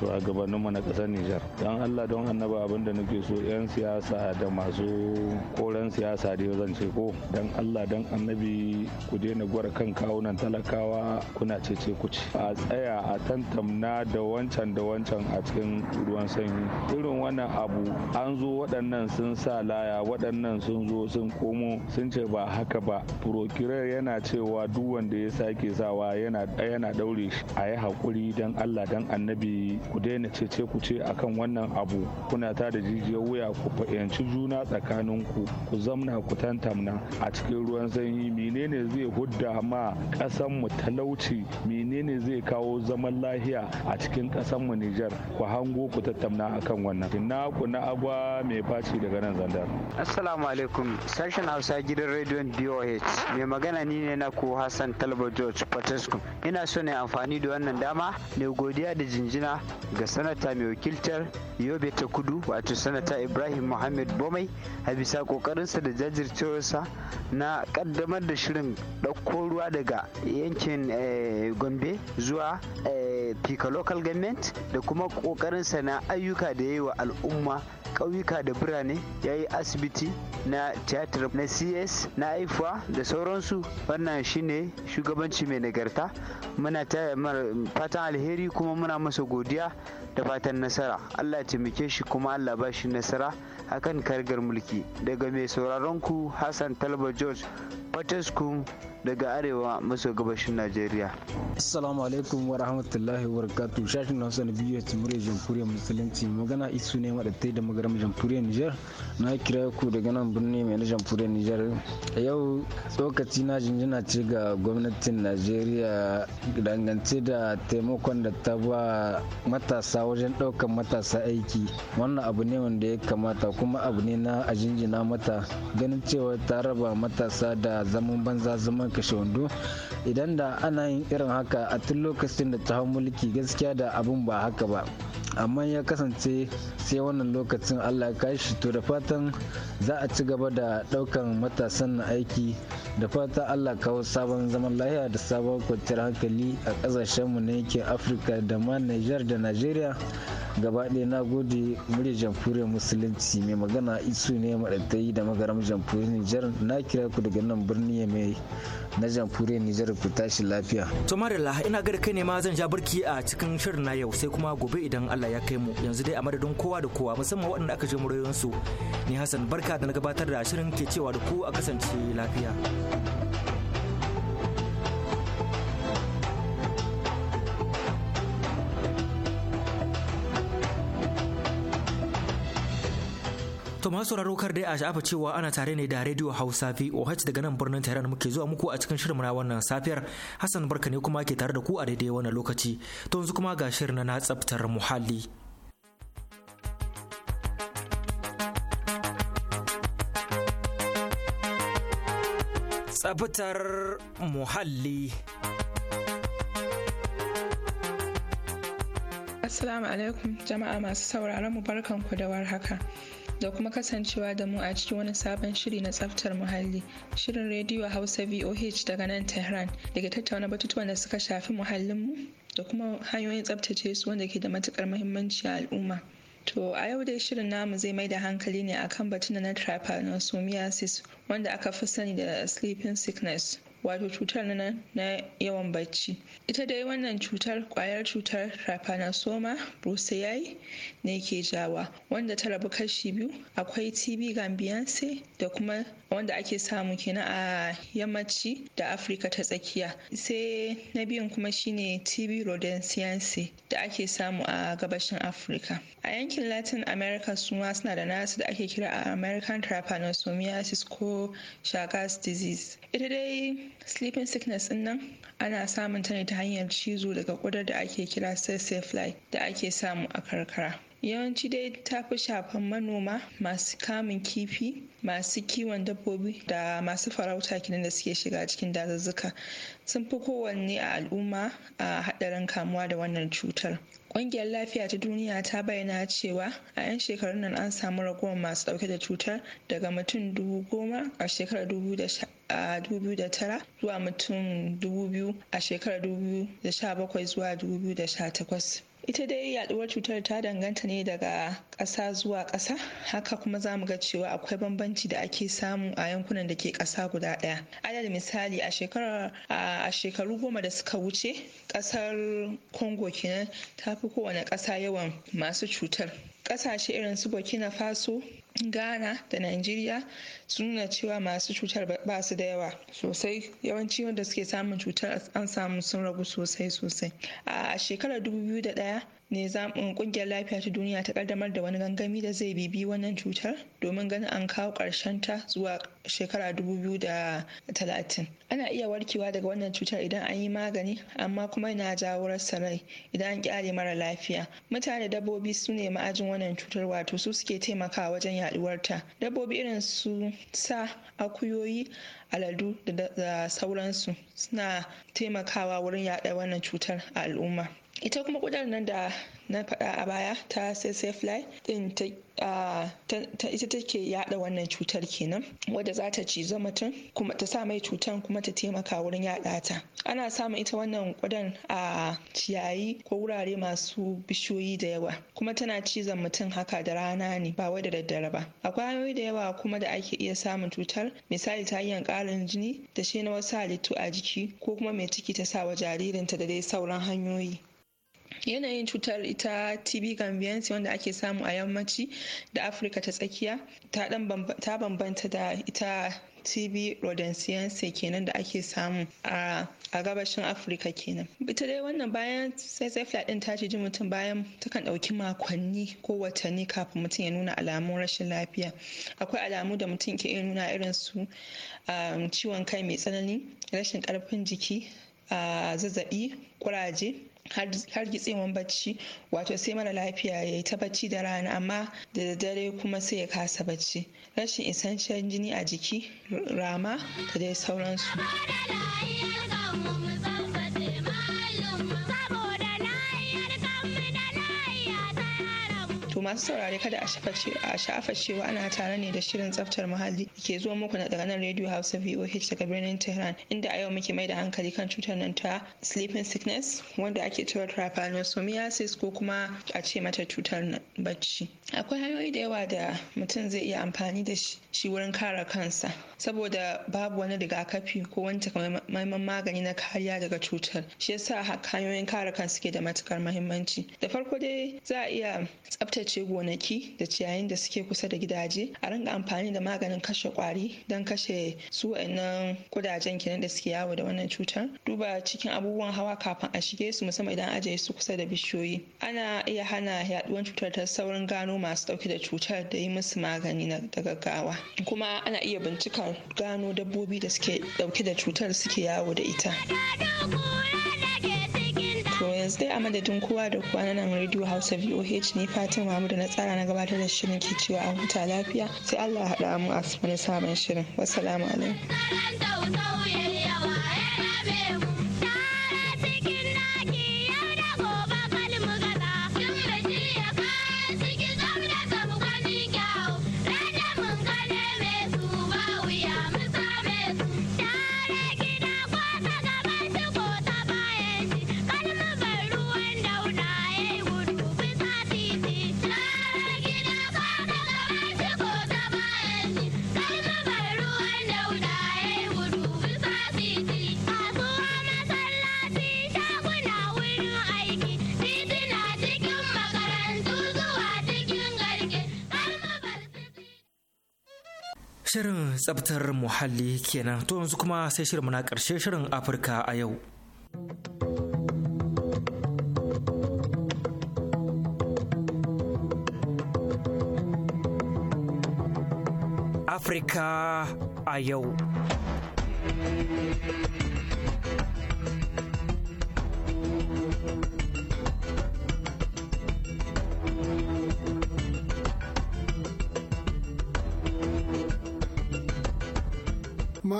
K: shugabanninmu na ƙasar Nijar. Don Allah don annaba abin da nake so 'yan siyasa da masu koren siyasa da zan ce ko don Allah don annabi ku daina gwara kan kawunan talakawa kuna cece ku ci. A tsaya a tantamna da wancan da wancan a cikin ruwan sanyi. Irin wannan abu an zo waɗannan sun sa laya waɗannan sun zo sun komo sun ce ba haka ba. Prokirar yana cewa duk wanda ya sake sawa yana ɗaure shi a yi haƙuri don Allah don annabi bi ku daina cece ku ce akan wannan abu kuna ta da jijiyar wuya ku fahimci juna tsakanin ku ku zamna ku tantamna a cikin ruwan sanyi menene zai hudda ma ƙasan mu talauci menene zai kawo zaman lahiya a cikin ƙasan mu Nijar ku hango ku tattauna akan wannan ina ku na agwa mai faci daga nan zandar
E: assalamu alaikum sashen Hausa gidan rediyon DOH mai magana ni ne na ku Hassan Talba George ina so ne amfani da wannan dama ne godiya da jin jina ga sanata mai wakiltar yobe ta kudu wato sanata ibrahim muhammad bomai a bisa kokarinsa da jajircewarsa na kaddamar da shirin ɗauko ruwa daga yankin eh, gombe zuwa eh, pika local government da kuma
C: kokarinsa
G: na ayyuka da ya yi wa al'umma ƙauyuka da birane ya yi asibiti
E: na tiyatar na cs na haifuwa da sauransu wannan shine shugabanci mai nagarta muna ta fatan alheri kuma muna masa godiya da fatan nasara allah taimake shi kuma allah ba shi nasara akan kargar mulki daga mai sauraron ku hassan talba george Fataskum daga arewa maso gabashin Najeriya.
I: Assalamu alaikum wa rahmatullahi wa barakatuh. Shashin na biyu ta murya jamhuriyar musulunci magana isu ne madattai da magaram jamhuriyar Nijar. Na kira ku daga nan birni mai na jamhuriyar Nijar. A yau tsokaci na jinjina ce ga gwamnatin Najeriya dangance da taimakon da ta ba matasa wajen ɗaukan matasa aiki. Wannan abu ne wanda ya kamata kuma abu ne na a jinjina mata ganin cewa ta raba matasa da zaman banza zaman kashe wando idan da ana yin irin haka a tun lokacin da ta hau mulki gaskiya da abun ba haka ba amma ya kasance sai wannan lokacin allah kashi to da fatan za a ci gaba da daukan matasan na aiki da fatan allah kawo sabon zaman lahiya da sabon kwanciyar hankali a kasashenmu na yankin afirka da ma niger da nigeria gaba ɗaya na gode murya jamhuriyar musulunci mai magana isu ne maɗaɗai da magaram jamhuriyar nijar na kira ku daga nan birni mai na jamhuriyar nijar ku tashi lafiya.
C: to marilla ina gari kai ne ma zan ja barki a cikin shirin na yau sai kuma gobe idan allah ya kai mu yanzu dai a madadin kowa da kowa musamman waɗanda aka je murayensu ni hassan barka da na gabatar da shirin ke cewa da ku a kasance lafiya. To masu sauraro kar dai a sha'afa cewa ana tare ne da Radio Hausa VOH daga nan birnin Tehran muke zuwa muku a cikin shirin na wannan safiyar. Hassan Barka ne kuma ke tare da ku a daidai wannan lokaci. To yanzu kuma ga shirin na tsaftar muhalli. tsabtar muhalli.
F: Assalamu alaikum jama'a masu sauraron mu barkanku da warhaka. haka. da kuma kasancewa da mu a cikin wani sabon shiri na tsaftar muhalli shirin rediyo hausa voh daga nan tehran da ke tattauna batutuwan da suka shafi muhallinmu da kuma hanyoyin tsaftace su wanda ke da matukar muhimmanci a al'umma To a yau dai shirin namu zai mai da hankali ne akan batun na trypanosomiasis wanda aka fi sani da sleeping sickness wato cutar na, na yawan bacci ita dai wannan cutar kwayar cutar trypanosoma brucei ne ke jawa wanda ta rabu kashi biyu akwai tb gambiyanse da kuma wanda ake samu kenan a yammaci da afirka ta tsakiya sai na biyun kuma shine tb rodensiense da ake samu a gabashin afirka a yankin latin america suma suna da nasu da ake kira a american trypanosomiasis ko chagas disease ita dai sleeping sickness din nan ana samun ta ne ta hanyar cizo daga kudar da ake kira fly da ake samu a karkara yawanci dai ta fi shafan manoma masu kamun kifi masu kiwon dabbobi da masu farauta kenan da suke shiga cikin dazuzzuka sun fi kowanne a al'umma a haɗarin kamuwa da wannan cutar Ƙungiyar Lafiya ta Duniya ta bayyana cewa a 'yan shekarun nan an samu ragowar masu ɗauke da cutar daga mutum dubu goma a shekarar dubu da tara zuwa mutum dubu biyu a shekarar dubu da sha bakwai zuwa dubu biyu da sha takwas. ita dai yaɗuwar cutar ta danganta ne daga ƙasa zuwa ƙasa haka kuma za mu ga cewa akwai bambanci da ake samu a yankunan da ke ƙasa guda ɗaya adal misali a a shekaru goma da suka wuce ƙasar congo kenan ta fi kowane ƙasa yawan masu cutar ƙasashe irin su burkina faso ghana da nigeria sun nuna cewa masu cutar ba su da yawa sosai yawanci wanda suke samun cutar an samu sun ragu sosai sosai a shekarar dubu biyu da ɗaya. ne zamun um, kungiyar lafiya ta duniya ta ƙaddamar da wani gangami da zai bibi wannan cutar domin ganin an kawo karshen ta zuwa shekara dubu biyu da talatin. ana iya warkewa daga wannan cutar idan an yi magani amma kuma yana jawo rasa rai idan an kyale mara lafiya mutane dabbobi su ne ma'ajin wannan cutar wato su suke taimakawa wajen yaduwar ta dabbobi irin su sa akuyoyi aladu da sauransu suna taimakawa wurin yaɗa wannan cutar a al'umma ita kuma ƙudar nan da na faɗa a baya ta fly din ta ita take yada wannan cutar kenan wadda za ta cizo mutum kuma ta sa mai cutar kuma ta taimaka wurin yada ta ana samun ita wannan ƙudan a ciyayi ko wurare masu bishiyoyi da yawa kuma tana cizon mutum haka da rana ne ba wai da daddare ba akwai hanyoyi da yawa kuma da ake iya samun cutar misali ta hanyar ƙarin jini da shi na wasu halittu a jiki ko kuma mai ciki ta sa wa jaririnta da dai sauran hanyoyi yanayin cutar ita tb gambiyansi wanda ake samu a yammaci da afirka ta tsakiya ta bambanta da ita tb rodensiyanse kenan da ake samu a gabashin afirka kenan ita dai wannan bayan sai sai din ta ji mutum bayan takan ɗauki makonni ko watanni kafin mutum ya nuna alamun rashin lafiya akwai alamu da mutum ke iya nuna irin su um, ciwon kai mai tsanani rashin ƙarfin jiki zazzaɓi ƙuraje Har gitsewan bacci wato sai mara lafiya ya yi ta bacci da rana amma da daddare kuma sai ya kasa bacci rashin isasshen jini a jiki rama da dai sauransu masu saurare kada a sha'afa cewa ana tare ne da shirin tsaftar muhalli ke zuwa muku na daga nan radio hausa voh daga birnin tehran inda a yau muke mai da hankali kan cutar nan ta sleeping sickness wanda ake cewa trypanosomiasis ko kuma a ce mata cutar bacci akwai hanyoyi da yawa da mutum zai iya amfani da shi shi wurin kare kansa saboda babu wani rigakafi ko wani takamaiman magani na kariya daga cutar shi yasa hanyoyin kare kansa suke da matukar mahimmanci da farko dai za a iya tsaftace gonaki da ciyayin da suke kusa da gidaje a ringa amfani da maganin kashe kwari don kashe su wa'annan kudajen kenan da suke yawo da wannan cutar duba cikin abubuwan hawa kafin a shige su musamman idan ajiye su kusa da bishiyoyi ana iya hana yaduwar cutar ta saurin gano masu ɗauke da cutar da yi musu magani na gaggawa kuma ana iya bincikar gano dabbobi da suke dauke da cutar suke yawo da ita yanzu dai a madadin kowa da kowa na nan radio hausa voh ne fatima mamu da na tsara na gabatar da shirin ke cewa an huta lafiya sai allah haɗa mu a wani sabon shirin wassalamu alaikum
C: tsabtar muhalli kenan to yanzu kuma sai shirin na karshe shirin afirka a yau afirka a yau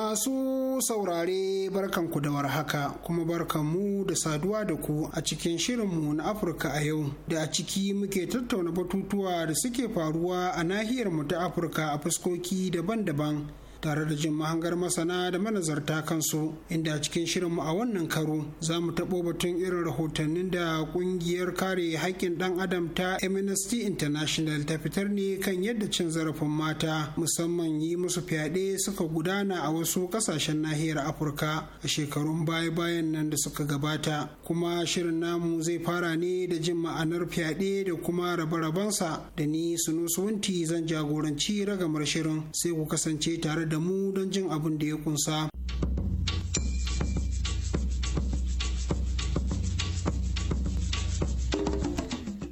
E: Masu saurare barkanku da warhaka kuma barkanmu da saduwa da ku a cikin shirinmu na Afirka a yau da a ciki muke tattauna batutuwa da suke faruwa a nahiyar mu ta Afirka a fuskoki daban-daban tare da jin mahangar masana da manazarta kansu inda cikin cikin shirinmu a wannan karo za mu taɓo batun irin rahotannin da ƙungiyar kare haƙƙin ɗan adam ta amnesty international ta fitar ne kan yadda cin zarafin mata musamman yi musu fyaɗe suka gudana a wasu ƙasashen nahiyar afirka a shekarun baya bayan nan da suka gabata kuma shirin namu zai fara ne da jin ma'anar fyaɗe da kuma rabe-rabensa da ni wunti zan jagoranci ragamar shirin sai ku kasance tare da mu don jin abin da ya kunsa.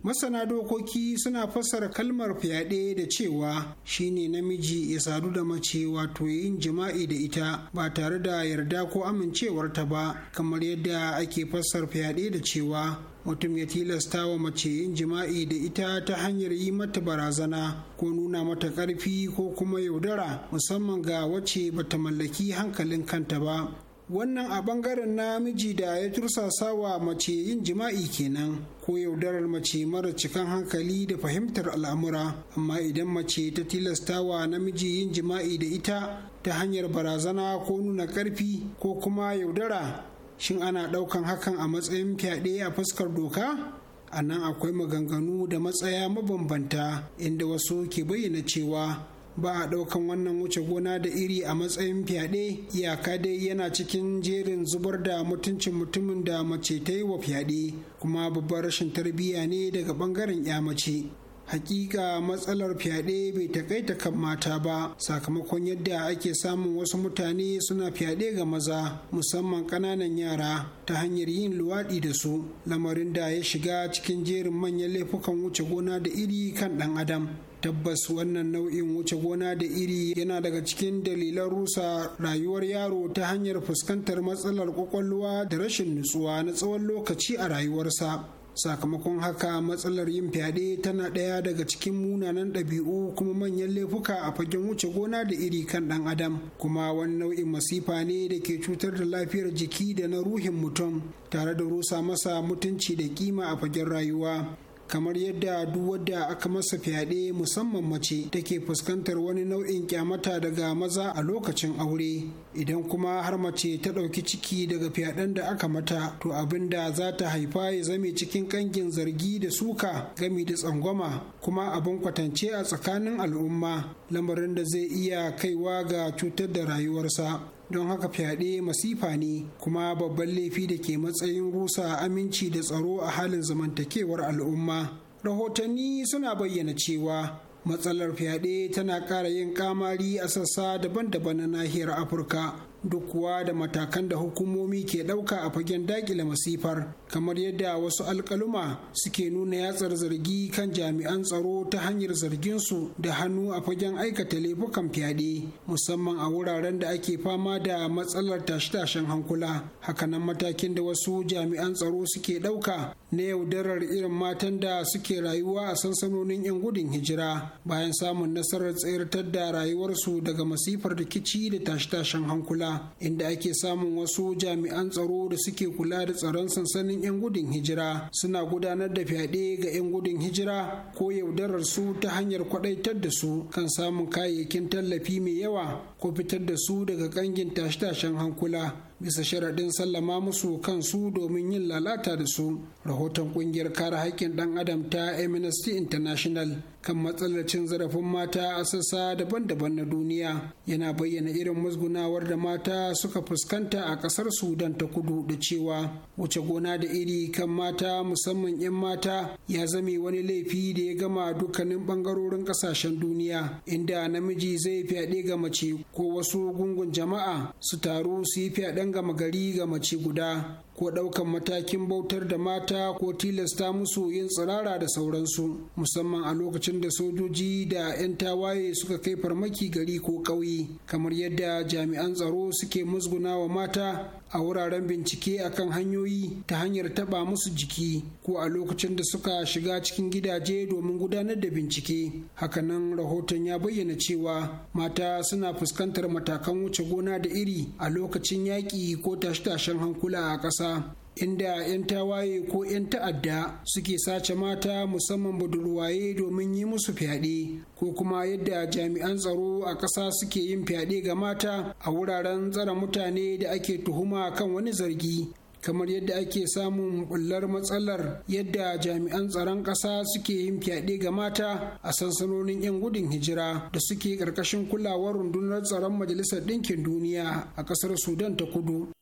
E: masana dokoki suna fassara kalmar fyaɗe da cewa shine namiji ya sadu da mace wato yin jima'i da ita ba tare da yarda ko amincewarta ba kamar yadda ake fassar fyaɗe da cewa mutum ya tilasta wa mace yin jima'i da ita ta hanyar yi mata barazana ko nuna mata ƙarfi ko kuma yaudara musamman ga wace bata mallaki hankalin kanta ba wannan a ɓangaren namiji da ya tursasa wa mace yin jima'i kenan ko yaudarar mace mara cikan hankali da fahimtar al'amura amma idan mace ta tilasta wa namiji yin jima'i da ita ta hanyar barazana ko nuna ƙarfi ko kuma yaudara shin ana ɗaukan hakan a matsayin fyaɗe a fuskar doka a nan akwai maganganu da matsaya mabambanta inda wasu ke bayyana cewa ba a ɗaukan wannan wuce gona da iri a matsayin fyaɗe iyaka dai yana cikin jerin zubar da mutuncin mutumin da mace ta yi wa fyaɗe kuma babbar rashin tarbiyya ne daga ɓangaren ya mace hakika matsalar fyaɗe bai takaita kan mata ba sakamakon yadda ake samun wasu mutane suna fyaɗe ga maza musamman ƙananan yara ta hanyar yin luwaɗi da su lamarin da ya shiga cikin jerin manyan laifukan wuce gona da iri kan ɗan adam tabbas wannan nau'in wuce gona da iri yana daga cikin dalilan rusa rayuwar yaro ta hanyar fuskantar matsalar kwakwalwa da rashin nutsuwa na tsawon lokaci a rayuwarsa sakamakon haka matsalar yin fyaɗe tana ɗaya daga cikin munanan ɗabi'u kuma manyan laifuka a fagen wuce gona da iri kan ɗan adam kuma wani nau'in masifa ne da ke cutar da lafiyar jiki da na ruhin mutum tare da rusa masa mutunci da kima a fagen rayuwa kamar yadda duk wadda aka masa fyaɗe musamman mace take fuskantar wani nau'in kyamata daga maza a lokacin aure idan kuma har mace ta ɗauki ciki daga fyaɗen da aka mata to abin da za ta haifa ya zame cikin ƙangin zargi da suka gami da tsangwama kuma abin kwatance a tsakanin al'umma lamarin da zai iya kaiwa ga cutar da rayuwarsa don haka fyaɗe masifa ne kuma babban laifi da ke matsayin rusa aminci da tsaro a halin zamantakewar al'umma rahotanni suna bayyana cewa matsalar fyaɗe tana ƙara yin kamari a sassa daban-daban na nahiyar afirka duk kuwa da matakan da hukumomi ke ɗauka a fagen daƙile masifar kamar yadda wasu alkaluma suke nuna yatsar zargi kan jami'an tsaro ta hanyar zarginsu da hannu a fagen aikata laifukan fyaɗe musamman a wuraren da ake fama da matsalar tashe-tashen hankula hakanan matakin da wasu jami'an tsaro suke ɗauka na yaudarar irin matan da suke rayuwa a sansanonin 'yan gudun hijira bayan samun nasarar tsayartar da rayuwarsu daga masifar rikici da tashe-tashen hankula inda ake samun wasu jami'an tsaro da suke kula da tsaron sansanin 'yan gudun hijira suna gudanar da fyaɗe ga 'yan gudun hijira ko yaudarar su ta hanyar kwaɗaitar da su kan samun kayayyakin tallafi mai yawa ko fitar da su daga kangin tashe-tashen hankula bisa sharaɗin sallama musu kansu domin yin lalata da su rahoton ƙungiyar kare haƙƙin ɗan adam ta amnesty international kan matsalar cin zarafin mata a sassa daban-daban na duniya yana bayyana irin musgunawar da mata suka fuskanta a kasar sudan ta kudu da cewa wuce gona da iri kan mata musamman 'yan mata ya zame wani laifi da ya gama dukkanin bangarorin kasashen duniya inda namiji zai fyaɗe ga mace ko wasu gungun jama'a su taru su yi fyaɗen gama gari ga mace guda ko ɗaukan matakin bautar da mata ko tilasta musu yin tsirara da sauransu musamman a lokacin da sojoji da 'yan tawaye suka kai farmaki gari ko ƙauye kamar yadda jami'an tsaro suke musguna wa mata a wuraren bincike akan hanyoyi ta hanyar taba musu jiki ko a lokacin da suka shiga cikin gidaje domin gudanar da bincike hakanan rahoton ya bayyana cewa mata suna fuskantar matakan wuce gona da iri a lokacin yaƙi ko tashe-tashen hankula a ƙasa inda 'yan tawaye ko 'yan ta'adda suke sace mata musamman budurwaye domin yi musu fyaɗe ko kuma yadda jami'an tsaro a ƙasa suke yin fyaɗe ga mata a wuraren tsare mutane da ake tuhuma kan wani zargi kamar yadda ake samun bullar matsalar yadda jami'an tsaron ƙasa suke yin fyaɗe ga mata a sansanonin 'yan gudun hijira da suke ƙarƙashin kulawar rundunar tsaron majalisar ɗinkin duniya a ƙasar sudan ta kudu.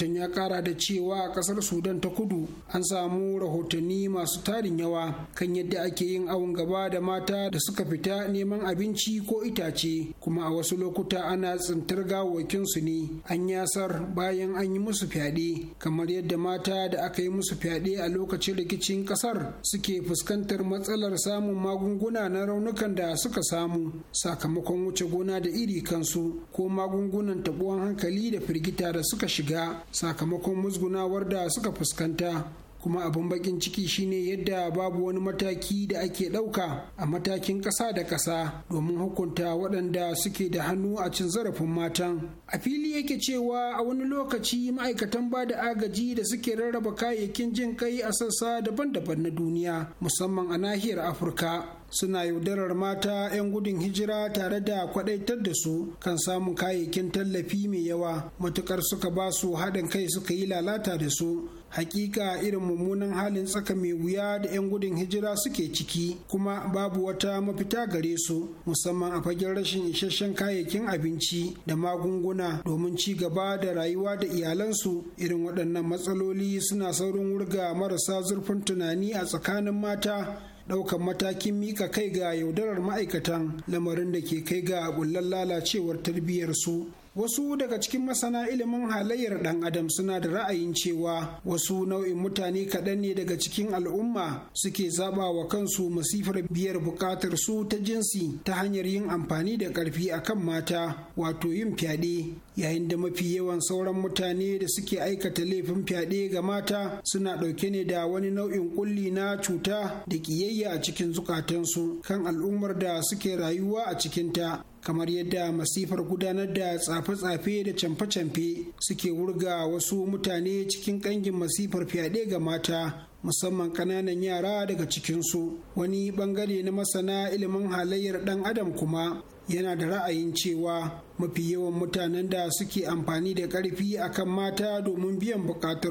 E: rahoton ya kara da cewa a kasar sudan ta kudu an samu rahotanni masu tarin yawa kan yadda ake yin awon gaba da mata da suka fita neman abinci ko itace kuma a wasu lokuta ana tsintar su ne an yasar bayan an yi musu fyaɗe kamar yadda mata da aka yi musu fyaɗe a lokacin rikicin kasar suke fuskantar matsalar samun magunguna na raunukan da suka samu sakamakon wuce gona da iri kansu ko magungunan tabuwan hankali da firgita da suka shiga sakamakon musgunawar da suka fuskanta kuma abin bakin ciki shine yadda babu wani mataki da ake ɗauka a matakin ƙasa da ƙasa domin hukunta waɗanda suke da hannu a cin zarafin matan a fili yake cewa a wani lokaci ma'aikatan ba da agaji da suke rarraba kayayyakin jin kai a sassa daban-daban na duniya musamman a nahiyar afirka suna yaudarar mata 'yan gudun hijira tare da kwadaitar da su kan samun kayayyakin tallafi mai yawa matukar suka ba su haɗin kai suka yi lalata da su hakika irin mummunan halin tsaka mai wuya da 'yan gudun hijira suke ciki kuma babu wata mafita gare su musamman a fagen rashin isasshen kayayyakin abinci da magunguna domin ci gaba da rayuwa da iyalansu irin waɗannan matsaloli suna saurin wurga marasa zurfin tunani a tsakanin mata ɗaukan matakin mika kai ga yaudarar ma'aikatan lamarin da ke kai ga bullar lalacewar tarbiyyarsu Wasu daga cikin masana ilimin halayyar ɗan adam suna da ra'ayin cewa wasu nau'in mutane kaɗan ne daga cikin al'umma suke zaɓa wa kansu masifar biyar buƙatar su ta jinsi ta hanyar yin amfani da ƙarfi akan mata wato yin fyaɗe yayin da mafi yawan sauran mutane da suke aikata laifin fyaɗe ga mata suna ɗauke ne da wani nau'in ƙulli na cuta da ƙiyayya a cikin zukatansu kan al'ummar da suke rayuwa a cikinta kamar yadda masifar gudanar da tsafe-tsafe da camfe-camfe suke wurga wasu mutane cikin ƙangin masifar fyaɗe ga mata musamman ƙananan yara daga cikinsu wani bangare na masana ilimin halayyar ɗan adam kuma yana da ra'ayin cewa mafi yawan mutanen da suke amfani da ƙarfi kan mata domin biyan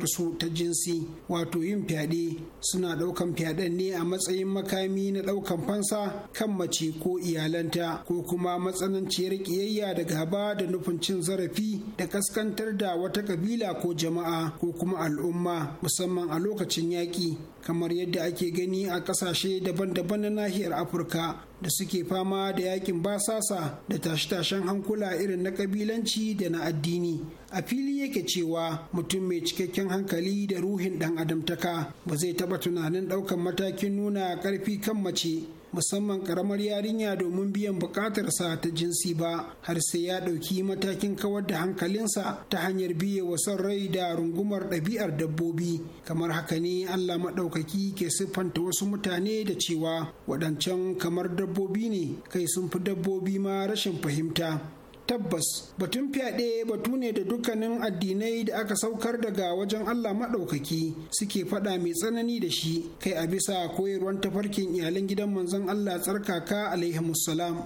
E: su ta jinsi wato yin fyaɗe suna ɗaukan fyaɗen ne a matsayin makami na ɗaukan fansa kan mace ko iyalanta ko kuma matsananciyar ƙiyayya da gaba da nufin cin zarafi da kaskantar da wata ƙabila ko jama'a ko kuma al'umma musamman a lokacin yaƙi kamar yadda ake gani a ƙasashe daban-daban na nahiyar afirka da suke fama da yakin basasa da tashe-tashen hankula irin na kabilanci da na addini a fili yake cewa mutum mai cikakken hankali da ruhin ɗan adamtaka ba zai taɓa tunanin ɗaukan matakin nuna karfi kan mace musamman karamar yarinya domin biyan bukatarsa ta jinsi ba har sai ya ɗauki matakin kawar da hankalinsa ta hanyar biye wa son rai da rungumar ɗabi'ar dabbobi kamar haka ne allah maɗaukaki ke siffanta wasu mutane da cewa waɗancan kamar dabbobi ne kai sun fi dabbobi ma rashin fahimta tabbas batun fyaɗe batu ne da dukkanin addinai da aka saukar daga wajen Allah maɗaukaki suke faɗa mai tsanani da shi kai a bisa koyarwan tafarkin iyalan gidan manzon Allah tsarkaka alaihi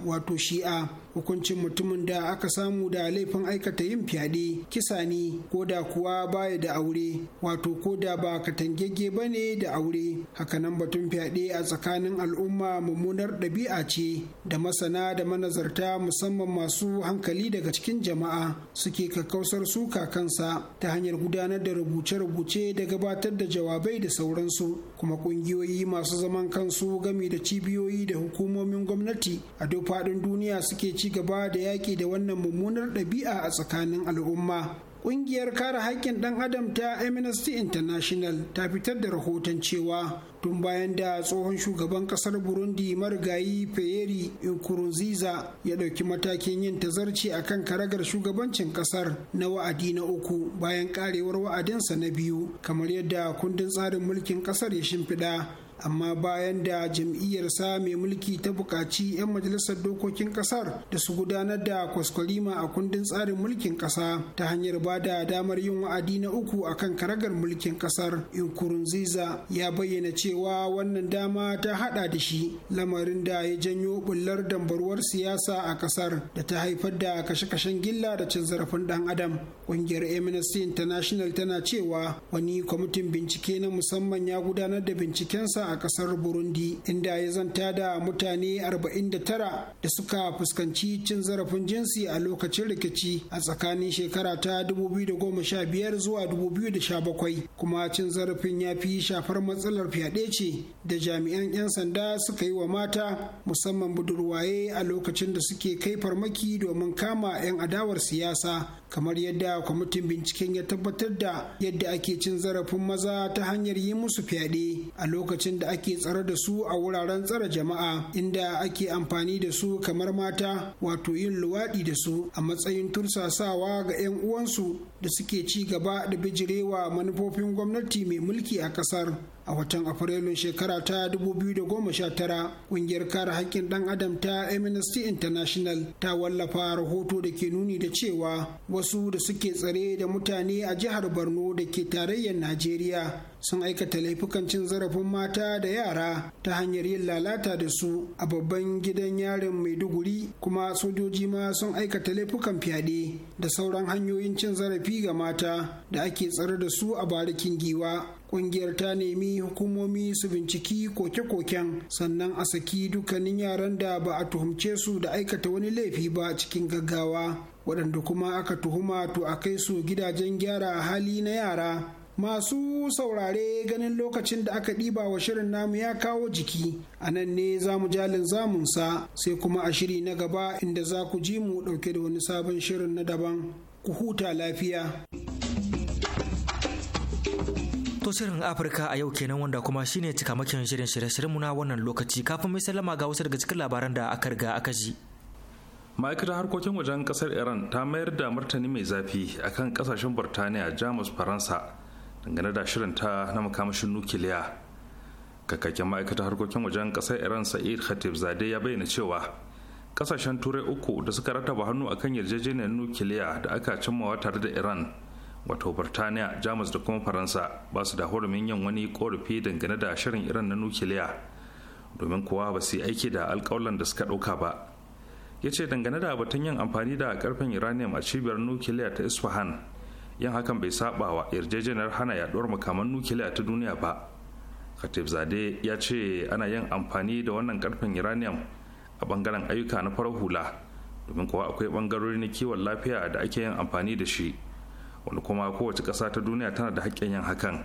E: wato shi'a hukuncin mutumin da aka samu da laifin aikata yin fyaɗe kisa ne ko da kuwa baya da aure wato ko da ba katangegge ba ne da aure hakanan batun fyaɗe a tsakanin al'umma mummunar ɗabi'a ce da masana da manazarta musamman masu hankali daga cikin jama'a suke kakkausar suka kansa ta hanyar gudanar da rubuce-rubuce da gabatar da jawabai da sauransu kuma ƙungiyoyi masu zaman kansu gami da cibiyoyi da hukumomin gwamnati a duk faɗin duniya suke ci ci gaba da yaƙi da wannan mummunar ɗabi'a a tsakanin al'umma Ƙungiyar kare haƙƙin ɗan adam ta Amnesty International ta fitar da rahoton cewa tun bayan da tsohon shugaban ƙasar Burundi marigayi Pierre Nkurunziza ya ɗauki matakin yin tazarci a kan karagar shugabancin ƙasar na wa'adi na uku bayan ƙarewar wa'adinsa na biyu kamar yadda kundin tsarin mulkin ƙasar ya shimfiɗa amma bayan da jam'iyyarsa mai mulki ta buƙaci 'yan majalisar dokokin ƙasar da su gudanar da kwaskwalima a kundin tsarin mulkin ƙasa ta hanyar ba da damar yin wa'adi na uku a kan karagar mulkin ƙasar nkurunziza ya bayyana cewa wannan dama ta haɗa da shi lamarin da ya janyo bullar dambarwar siyasa a ƙasar da ta haifar da kashe-kashen gilla da cin zarafin ɗan adam ƙungiyar amnesty international tana cewa wani kwamitin bincike na musamman ya gudanar da bincikensa a a kasar burundi inda ya zanta da mutane 49 da suka fuskanci cin zarafin jinsi a lokacin rikici a tsakanin shekara ta 2015 zuwa 2017 kuma cin zarafin ya fi shafar matsalar fyaɗe ce da jami'an 'yan sanda suka yi wa mata musamman budurwaye a lokacin da suke kai farmaki domin kama 'yan adawar siyasa kamar yadda kwamitin binciken ya tabbatar da yadda ake cin zarafin maza ta hanyar yi musu fyaɗe a lokacin lokacin da ake tsare da su a wuraren tsare jama'a inda ake amfani da su kamar mata wato yin luwaɗi da su a matsayin tursasawa ga 'yan uwansu da suke ci gaba da bijirewa manufofin gwamnati mai mulki a ƙasar a watan afrilun shekara ta 2019 kungiyar kare haƙƙin ɗan adam ta amnesty international ta wallafa rahoto da ke nuni da cewa wasu da suke tsare da mutane a jihar borno da ke tarayyar najeriya sun aikata laifukan cin zarafin mata da yara ta hanyar yin lalata da su a babban gidan yarin maiduguri kuma sojoji ma sun aikata laifukan fyaɗe da sauran hanyoyin cin zarafi ga mata da ake tsare da su a barikin giwa kungiyar ta nemi hukumomi su binciki koke-koken sannan a saki dukkanin yaran da ba a tuhumce su da aikata wani laifi ba cikin gaggawa waɗanda kuma aka tuhuma to a kai su gidajen gyara hali na yara masu saurare ganin lokacin da aka ɗiba wa shirin namu ya kawo jiki a nan ne za mu jalin zamunsa sai kuma a shiri na gaba inda za ku ji mu ɗauke da wani sabon shirin na daban ku huta lafiya.
C: To shirin Afirka a yau kenan wanda kuma shine cikamakin shirin shirye-shiryenmu na wannan lokaci kafin mai sallama ga wasu daga cikin labaran da aka riga aka ji.
D: ma'aikatar harkokin wajen kasar iran ta mayar da martani mai zafi akan kasashen burtaniya jamus faransa dangane da shirinta na makamashin nukiliya kakakken ma'aikatar harkokin wajen kasar iran sa'id khatib zade ya bayyana cewa kasashen turai uku da suka rataba hannu akan yarjejeniyar nukiliya da aka cimmawa tare da iran wato burtaniya jamus da kuma faransa ba su da hurumin yin wani korafi dangane da shirin iran na nukiliya domin kuwa ba su yi aiki da alkawalan da suka ɗauka ba ya ce dangane da batun yin amfani da karfin iranium a cibiyar nukiliya ta isfahan yin hakan bai saba wa yarjejeniyar hana yaduwar makaman nukiliya ta duniya ba khatib zade ya ce ana yin amfani da wannan karfin iranium a bangaren ayyuka na farar hula domin kuwa akwai bangarori na kiwon lafiya da ake yin amfani da shi wani kuma kowace ƙasa ta duniya tana da haƙƙin yin hakan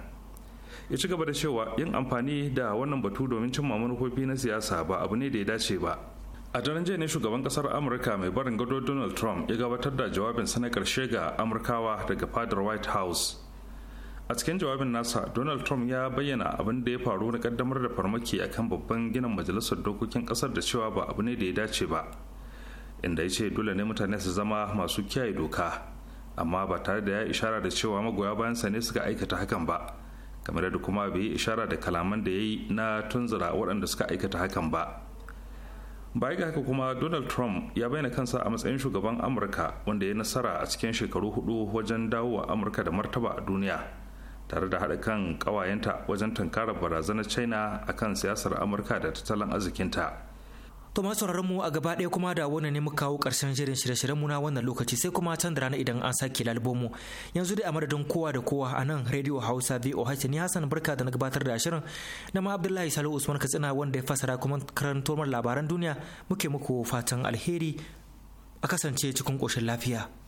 D: ya ci gaba da cewa yin amfani da wannan batu domin cimma manufofi na siyasa ba abu ne da ya dace ba a daren jiya ne shugaban kasar amurka mai barin gado donald trump ya gabatar da sa na karshe ga amurkawa daga fadar white house a cikin jawabin nasa donald trump ya bayyana abin da ya faru na kaddamar da farmaki akan babban ginin majalisar dokokin kasar da cewa ba abu ne da ya dace ba inda ya ce dole ne mutane su zama masu kiyaye doka amma ba tare da ya ishara da cewa magoya bayansa ne suka aikata hakan ba kamar da kuma bai yi ishara da kalaman da ya yi na tunzura waɗanda suka aikata hakan ba baya ga haka kuma donald trump ya bayyana kansa a matsayin shugaban amurka wanda ya nasara a cikin shekaru hudu wajen dawo wa amurka da martaba a duniya tare da haɗa kan ƙawayenta wajen tankarar barazanar china akan siyasar amurka da tattalin arzikinta
C: To masu mu a gaba ɗaya kuma da wannan ne mu kawo ƙarshen shirin shirye-shiryen mu na wannan lokaci sai kuma can da rana idan an sake mu Yanzu dai a madadin kowa da kowa a nan Radio Hausa VOH ni Hassan Barka da na gabatar da shirin na ma Abdullahi Salihu Usman Katsina wanda ya fasara kuma karanto labaran duniya muke muku fatan alheri a kasance cikin ƙoshin lafiya.